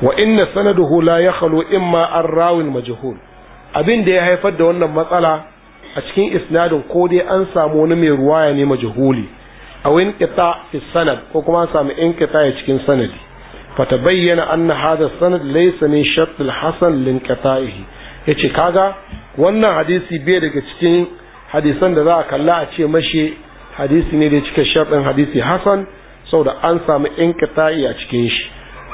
wa inna sanaduhu la yakhlu imma an rawin majhul abin da ya haifar da wannan matsala a cikin isnadin ko dai an samu wani mai ruwaya ne majhuli aw in qita fi sanad ko kuma an samu in qita ya cikin sanadi فتبين أن هذا السند ليس من شرط الحسن لانقطاعه yace kaga wannan hadisi bai daga cikin hadisan da za a kalla a ce mashi hadisi ne da cikin sharɗin hadisi hasan saboda an samu inkita'i a cikin shi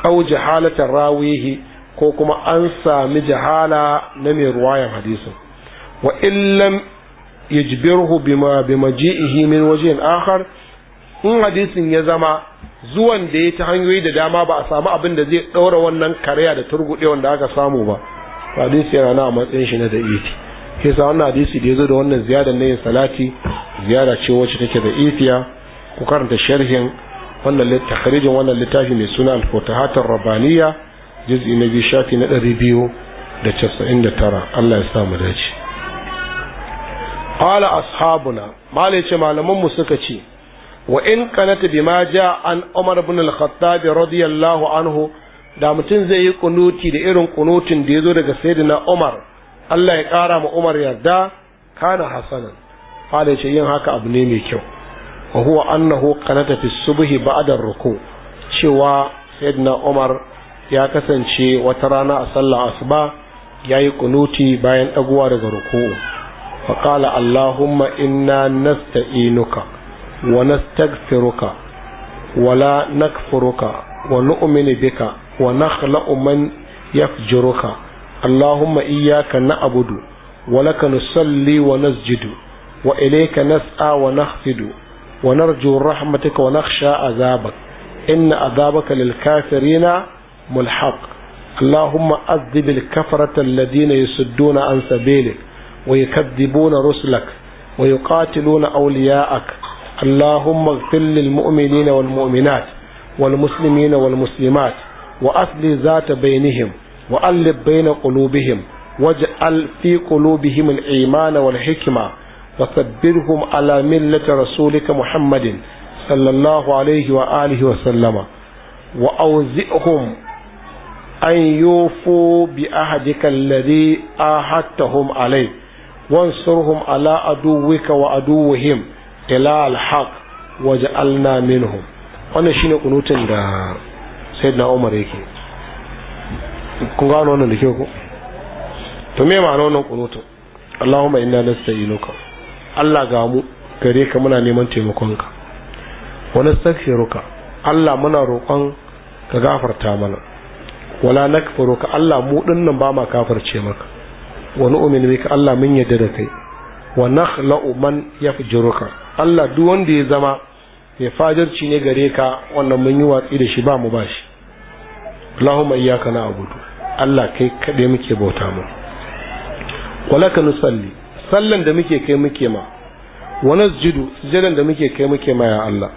au jahalatar rawihi ko kuma an sami jahala na mai ruwayan hadisin wa illam yajbirhu bima bimaji'ihi min wajhin akhar in hadisin ya zama zuwan da ya ta hanyoyi da dama ba a samu abin da zai ɗaura wannan karya da turgude wanda aka samu ba hadisi yana na matsayin shi na da'iti ke sa wannan hadisi da ya zo da wannan ziyada na yin salati ziyara ce wacce take da itiya ku karanta sharhin wannan takharijin wannan littafi mai suna al-fatahatar rabaniya juz'i na biyu shafi na ɗari biyu da casa'in da tara Allah ya sa mu dace qala ashabuna malai ce malaman mu suka ce wa in kanata bima ja an umar ibn al-khattab radiyallahu anhu da mutum zai yi kunuti da irin kunutin da ya zo daga sayyidina umar Allah ya kara ma umar yarda kana hasanan malai ce yin haka abu ne mai kyau وهو أنه قنت في الصبح بعد الركوع شوى سيدنا عمر يا كسن شي وترانا أصلى أصبا يا يقنوتي باين أقوار الركوع فقال اللهم إنا نستعينك ونستغفرك ولا نكفرك ونؤمن بك ونخلأ من يفجرك اللهم إياك نعبد ولك نصلي ونسجد وإليك نسعى ونخفد ونرجو رحمتك ونخشى عذابك إن عذابك للكافرين ملحق اللهم أذب الكفرة الذين يسدون عن سبيلك ويكذبون رسلك ويقاتلون أولياءك اللهم اغفر للمؤمنين والمؤمنات والمسلمين والمسلمات وأصل ذات بينهم وألف بين قلوبهم واجعل في قلوبهم الإيمان والحكمة وثبرهم على ملة رسولك محمد صلى الله عليه وآله وسلم وأوزئهم أن يوفوا بأحدك الذي آهدتهم عليه وانصرهم على عدوك وعدوهم إلى الحق وجعلنا منهم wannan shine kunutun da sayyidina Umar yake kun gano wannan da ke ku to me ma'ana wannan kunutun Allahumma inna nasta'inuka Allah ga mu gare ka muna neman taimakonka wani sakfiruka Allah muna roƙon ka gafarta mana wala nakfuruka Allah mu dinnan ba ma kafirce maka wani umin ka Allah mun yadda da kai wa nakhla'u man yafjuruka Allah duk wanda ya zama ya fajarci ne gare ka wannan mun yi watsi da shi ba mu ba shi Allahumma iyyaka na'budu Allah kai kade muke bauta mu walaka nusalli sallan da muke kai muke ma wa nasjudu sujadan da muke kai muke ma ya Allah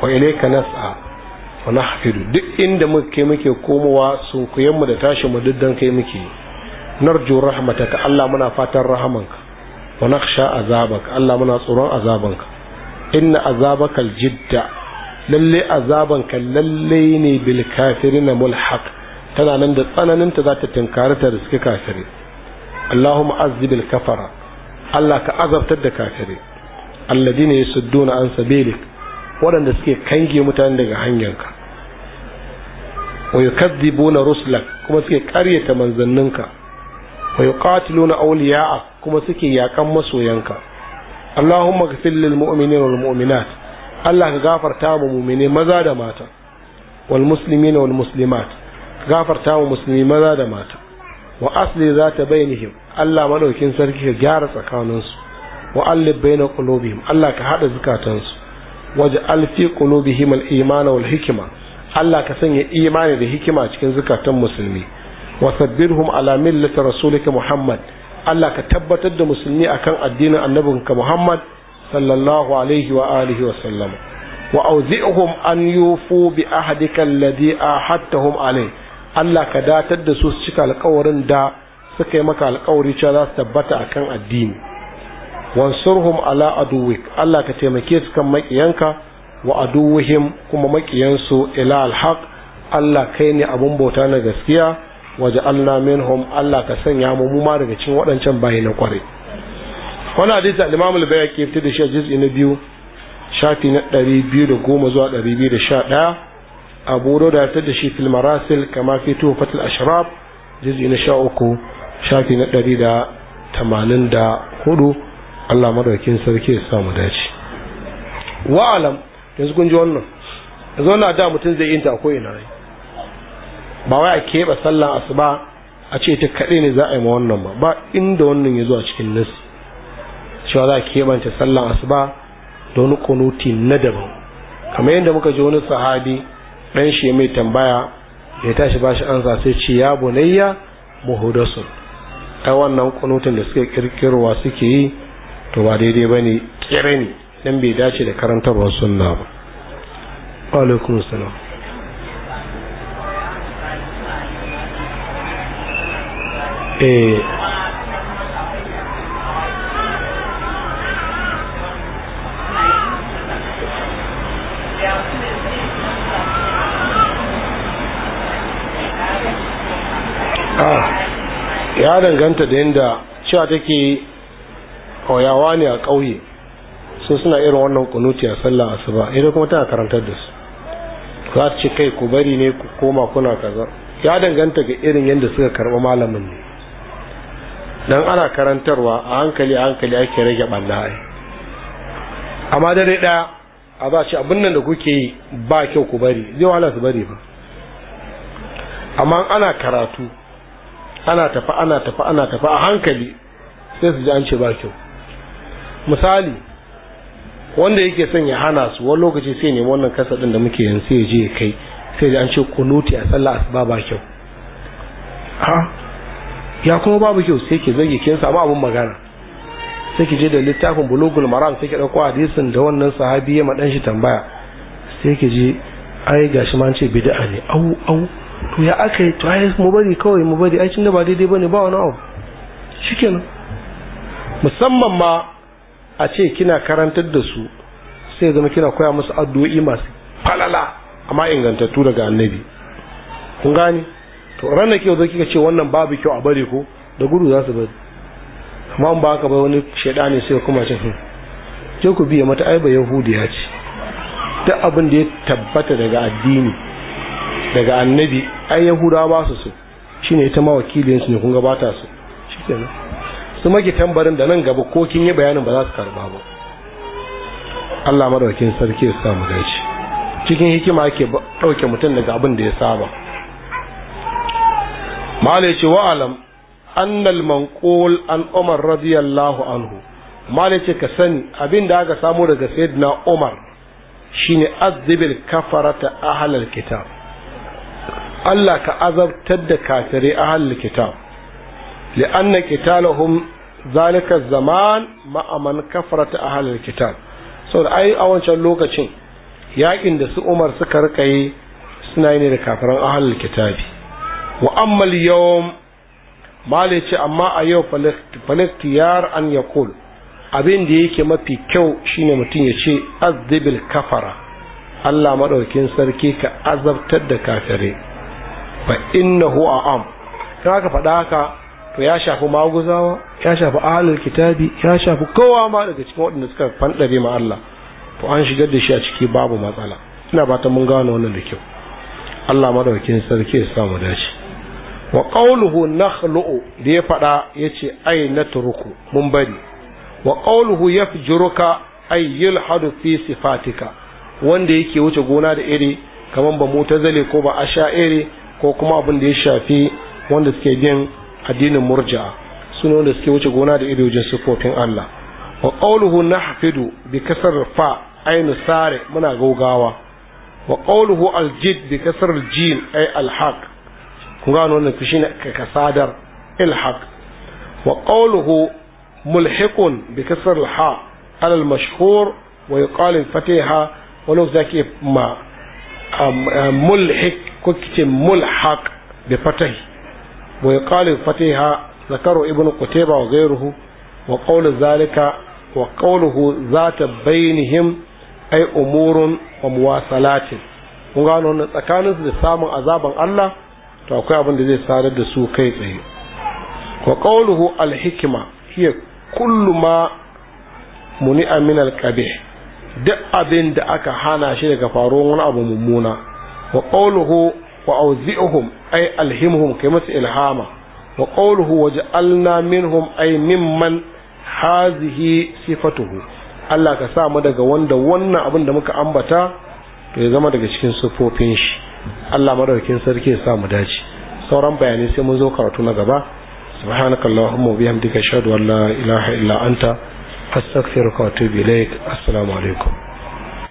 wa ilayka nas'a wa nahfidu duk inda muke kai muke komowa sunkuyen mu da tashi mu duddan kai muke narju rahmataka Allah muna fatan rahamanka wa nakhsha azabaka Allah muna tsoron azabanka inna azabaka aljidda lalle azabanka lalle ne bil kafirin mulhaq tana nan da tsananin ta za ta tinkari ta riski kafirai Allahumma azzibil kafara Allah ka azabtar da kafirai alladina yasudduna an sabilik waɗanda suke kange mutane daga hanyarka wa yukadzibuna rusulak kuma suke ƙaryata manzanninka wa yuqatiluna awliya'a kuma suke yakan masoyanka Allahumma ghfir lil mu'minina wal Allah ka gafarta mu da mata wal muslimina wal musulmi maza da mata zata bainihim Allah madaukin sarki ka gyara tsakaninsu wa allif baina qulubihim Allah ka hada zukatansu waje alfi qulubihim al-iman wal hikma Allah ka sanya imani da hikima cikin zukatan musulmi wa sabbirhum ala millati rasulika Muhammad Allah ka tabbatar da musulmi akan addinin annabinka Muhammad sallallahu alaihi wa alihi wa sallam wa auzi'hum an yufu bi ahadika alladhi ahadtahum alayh Allah ka datar da su su cika alƙawarin da suka yi maka alkawari cewa za su tabbata a kan addini wansurhum ala aduwik Allah ka taimake su kan makiyanka wa aduwihim kuma makiyansu ila alhaq Allah kai ne abun bauta na gaskiya waje Allah minhum Allah ka sanya mu mu ma daga cikin waɗancan bayi na kware wani hadisi al-Imam al-Bayhaqi fitar da shi a juz'i na biyu shafi na 210 zuwa 211 Abu Dawud da fitar da shi fil marasil kama fi tuhfatul ashraf juz'i na 13 shafi na ɗari da tamanin da hudu allah madaukin sarki ya samu dace wa'alam yanzu kun ji wannan yanzu wannan da mutum zai inta ko ina rai ba wai a keɓe sallar asuba a ce ta kaɗai ne za a yi ma wannan ba ba inda wannan ya zo a cikin nas cewa za a keɓanta sallar asuba da wani kunuti na daban kamar yadda muka ji wani sahabi ɗan shi mai tambaya ya tashi ba shi ansa sai ce ya bunayya muhudasun ta wannan kunutun da suke kirkirwa suke yi to ba daidai ba ne kere ne dan bai dace da karantarwar sunna ba alaikum salam eh ya danganta da yadda cewa take koyawa ne a ƙauye su suna irin wannan kunuti a sallah asuba idan kuma tana karantar da su za ce kai ku bari ne ku koma kuna kaza ya danganta ga irin yadda suka karɓi malamin ne dan ana karantarwa a hankali a hankali ake rage ɓanna ai amma dare ɗaya a za ce abin nan da kuke yi ba kyau ku bari zai wahala su bari ba amma ana karatu ana tafa ana tafa ana tafa a hankali sai su ji an ce ba kyau misali wanda yake son ya hana su wani lokaci sai ne wannan kasadin da muke yin sai je kai sai ji an ce kunuti a sallah asuba ba kyau ha ya kuma babu kyau sai ke zage kin samu abun magana sai ke je da littafin bulugul maram sai ki dauko hadisin da wannan sahabi ya madan shi tambaya sai ke je ai gashi ma an ce bid'a ne au au to ya aka yi tries mu bari kawai mu bari aikin da ba daidai bane ba wani abu shikenan musamman ma a ce kina karantar da su sai zama kina koya masu addu'o'i masu falala amma ingantattu daga annabi kun gane to ranar kyau zai kika ce wannan babu kyau a bari ko da gudu za su bari amma ba haka bai wani shaidani sai kuma ce hmm, ku biya mata ai ba ya ce duk abin da ya tabbata daga addini daga annabi ai yahudawa ba su so shine ita ma wakilin su ne kun ga su shikenan su maki tambarin da nan gaba ko kin yi bayanin ba za su karba ba Allah madaukakin sarki ya sa mu dace cikin hikima ake dauke mutum daga abin da ya saba malai ce wa alam annal manqul an umar radiyallahu anhu malai ce ka sani abin da aka samu daga sayyidina umar shine azzibil kafarata ahlal kitab Allah ka azabtar da kafirai ahlul kitab li'anna qitalahum zalika zaman ma'a man kafarata ahlul kitab saboda ai a wancan lokacin yakin da su Umar suka rika yi suna yin da kafiran ahlul kitabi wa amma al-yawm amma a yau faliktiyar an yaqul abin da yake mafi kyau shine mutum ya ce azzibil kafara Allah maɗaukin sarki ka azabtar da kafirai fa innahu a'am kan aka faɗa haka to ya shafi maguzawa ya shafi ahlul kitabi ya shafi kowa ma daga cikin waɗanda suka fanɗabe ma Allah to an shigar da shi a ciki babu matsala ina ba ta mun gano wannan da kyau Allah madaukin sarki ya samu dace wa qawluhu nakhlu da ya faɗa yace ai natruku mun bari wa qawluhu yafjuruka ay yulhadu fi sifatika wanda yake wuce gona da iri kamar ba mu ta zale ko ba a sha iri ko kuma abin da ya shafi wanda suke bin addinin murja su ne wanda suke wuce gona da ido wajen sifofin Allah wa qawluhu nahfidu bi kasar fa ainu sare muna gaugawa wa qawluhu aljid bi kasar jin ay alhaq kun ga wannan ku ne ka kasadar ilhaq wa qawluhu mulhiqun bi kasar alha ala almashhur wa yuqal alfatiha wa lu zaki ma mulhiq ko kice mulhaq bi fatahi wa yuqalu fatiha zakaru ibn qutayba wa ghayruhu wa qawlu zalika wa qawluhu zata bainihim ay umurun wa muwasalatin kun ga wannan tsakanin su da samun azaban Allah to akwai abin da zai sadar da su kai tsaye wa qawluhu al hikma hiya kullu ma muni'a min al qabih duk abin da aka hana shi daga faruwar wani abu mummuna wa qawluhu wa awzi'uhum ay alhimhum kai masu ilhama wa qawluhu waj'alna minhum ay mimman sifatuhu Allah ka sa mu daga wanda wannan abin da muka ambata to ya zama daga cikin sufofin shi Allah madaukin sarki ya sa mu dace sauran bayanai sai mun zo karatu na gaba subhanakallahumma wa bihamdika ashhadu an la ilaha illa anta astaghfiruka wa atubu ilaik assalamu alaikum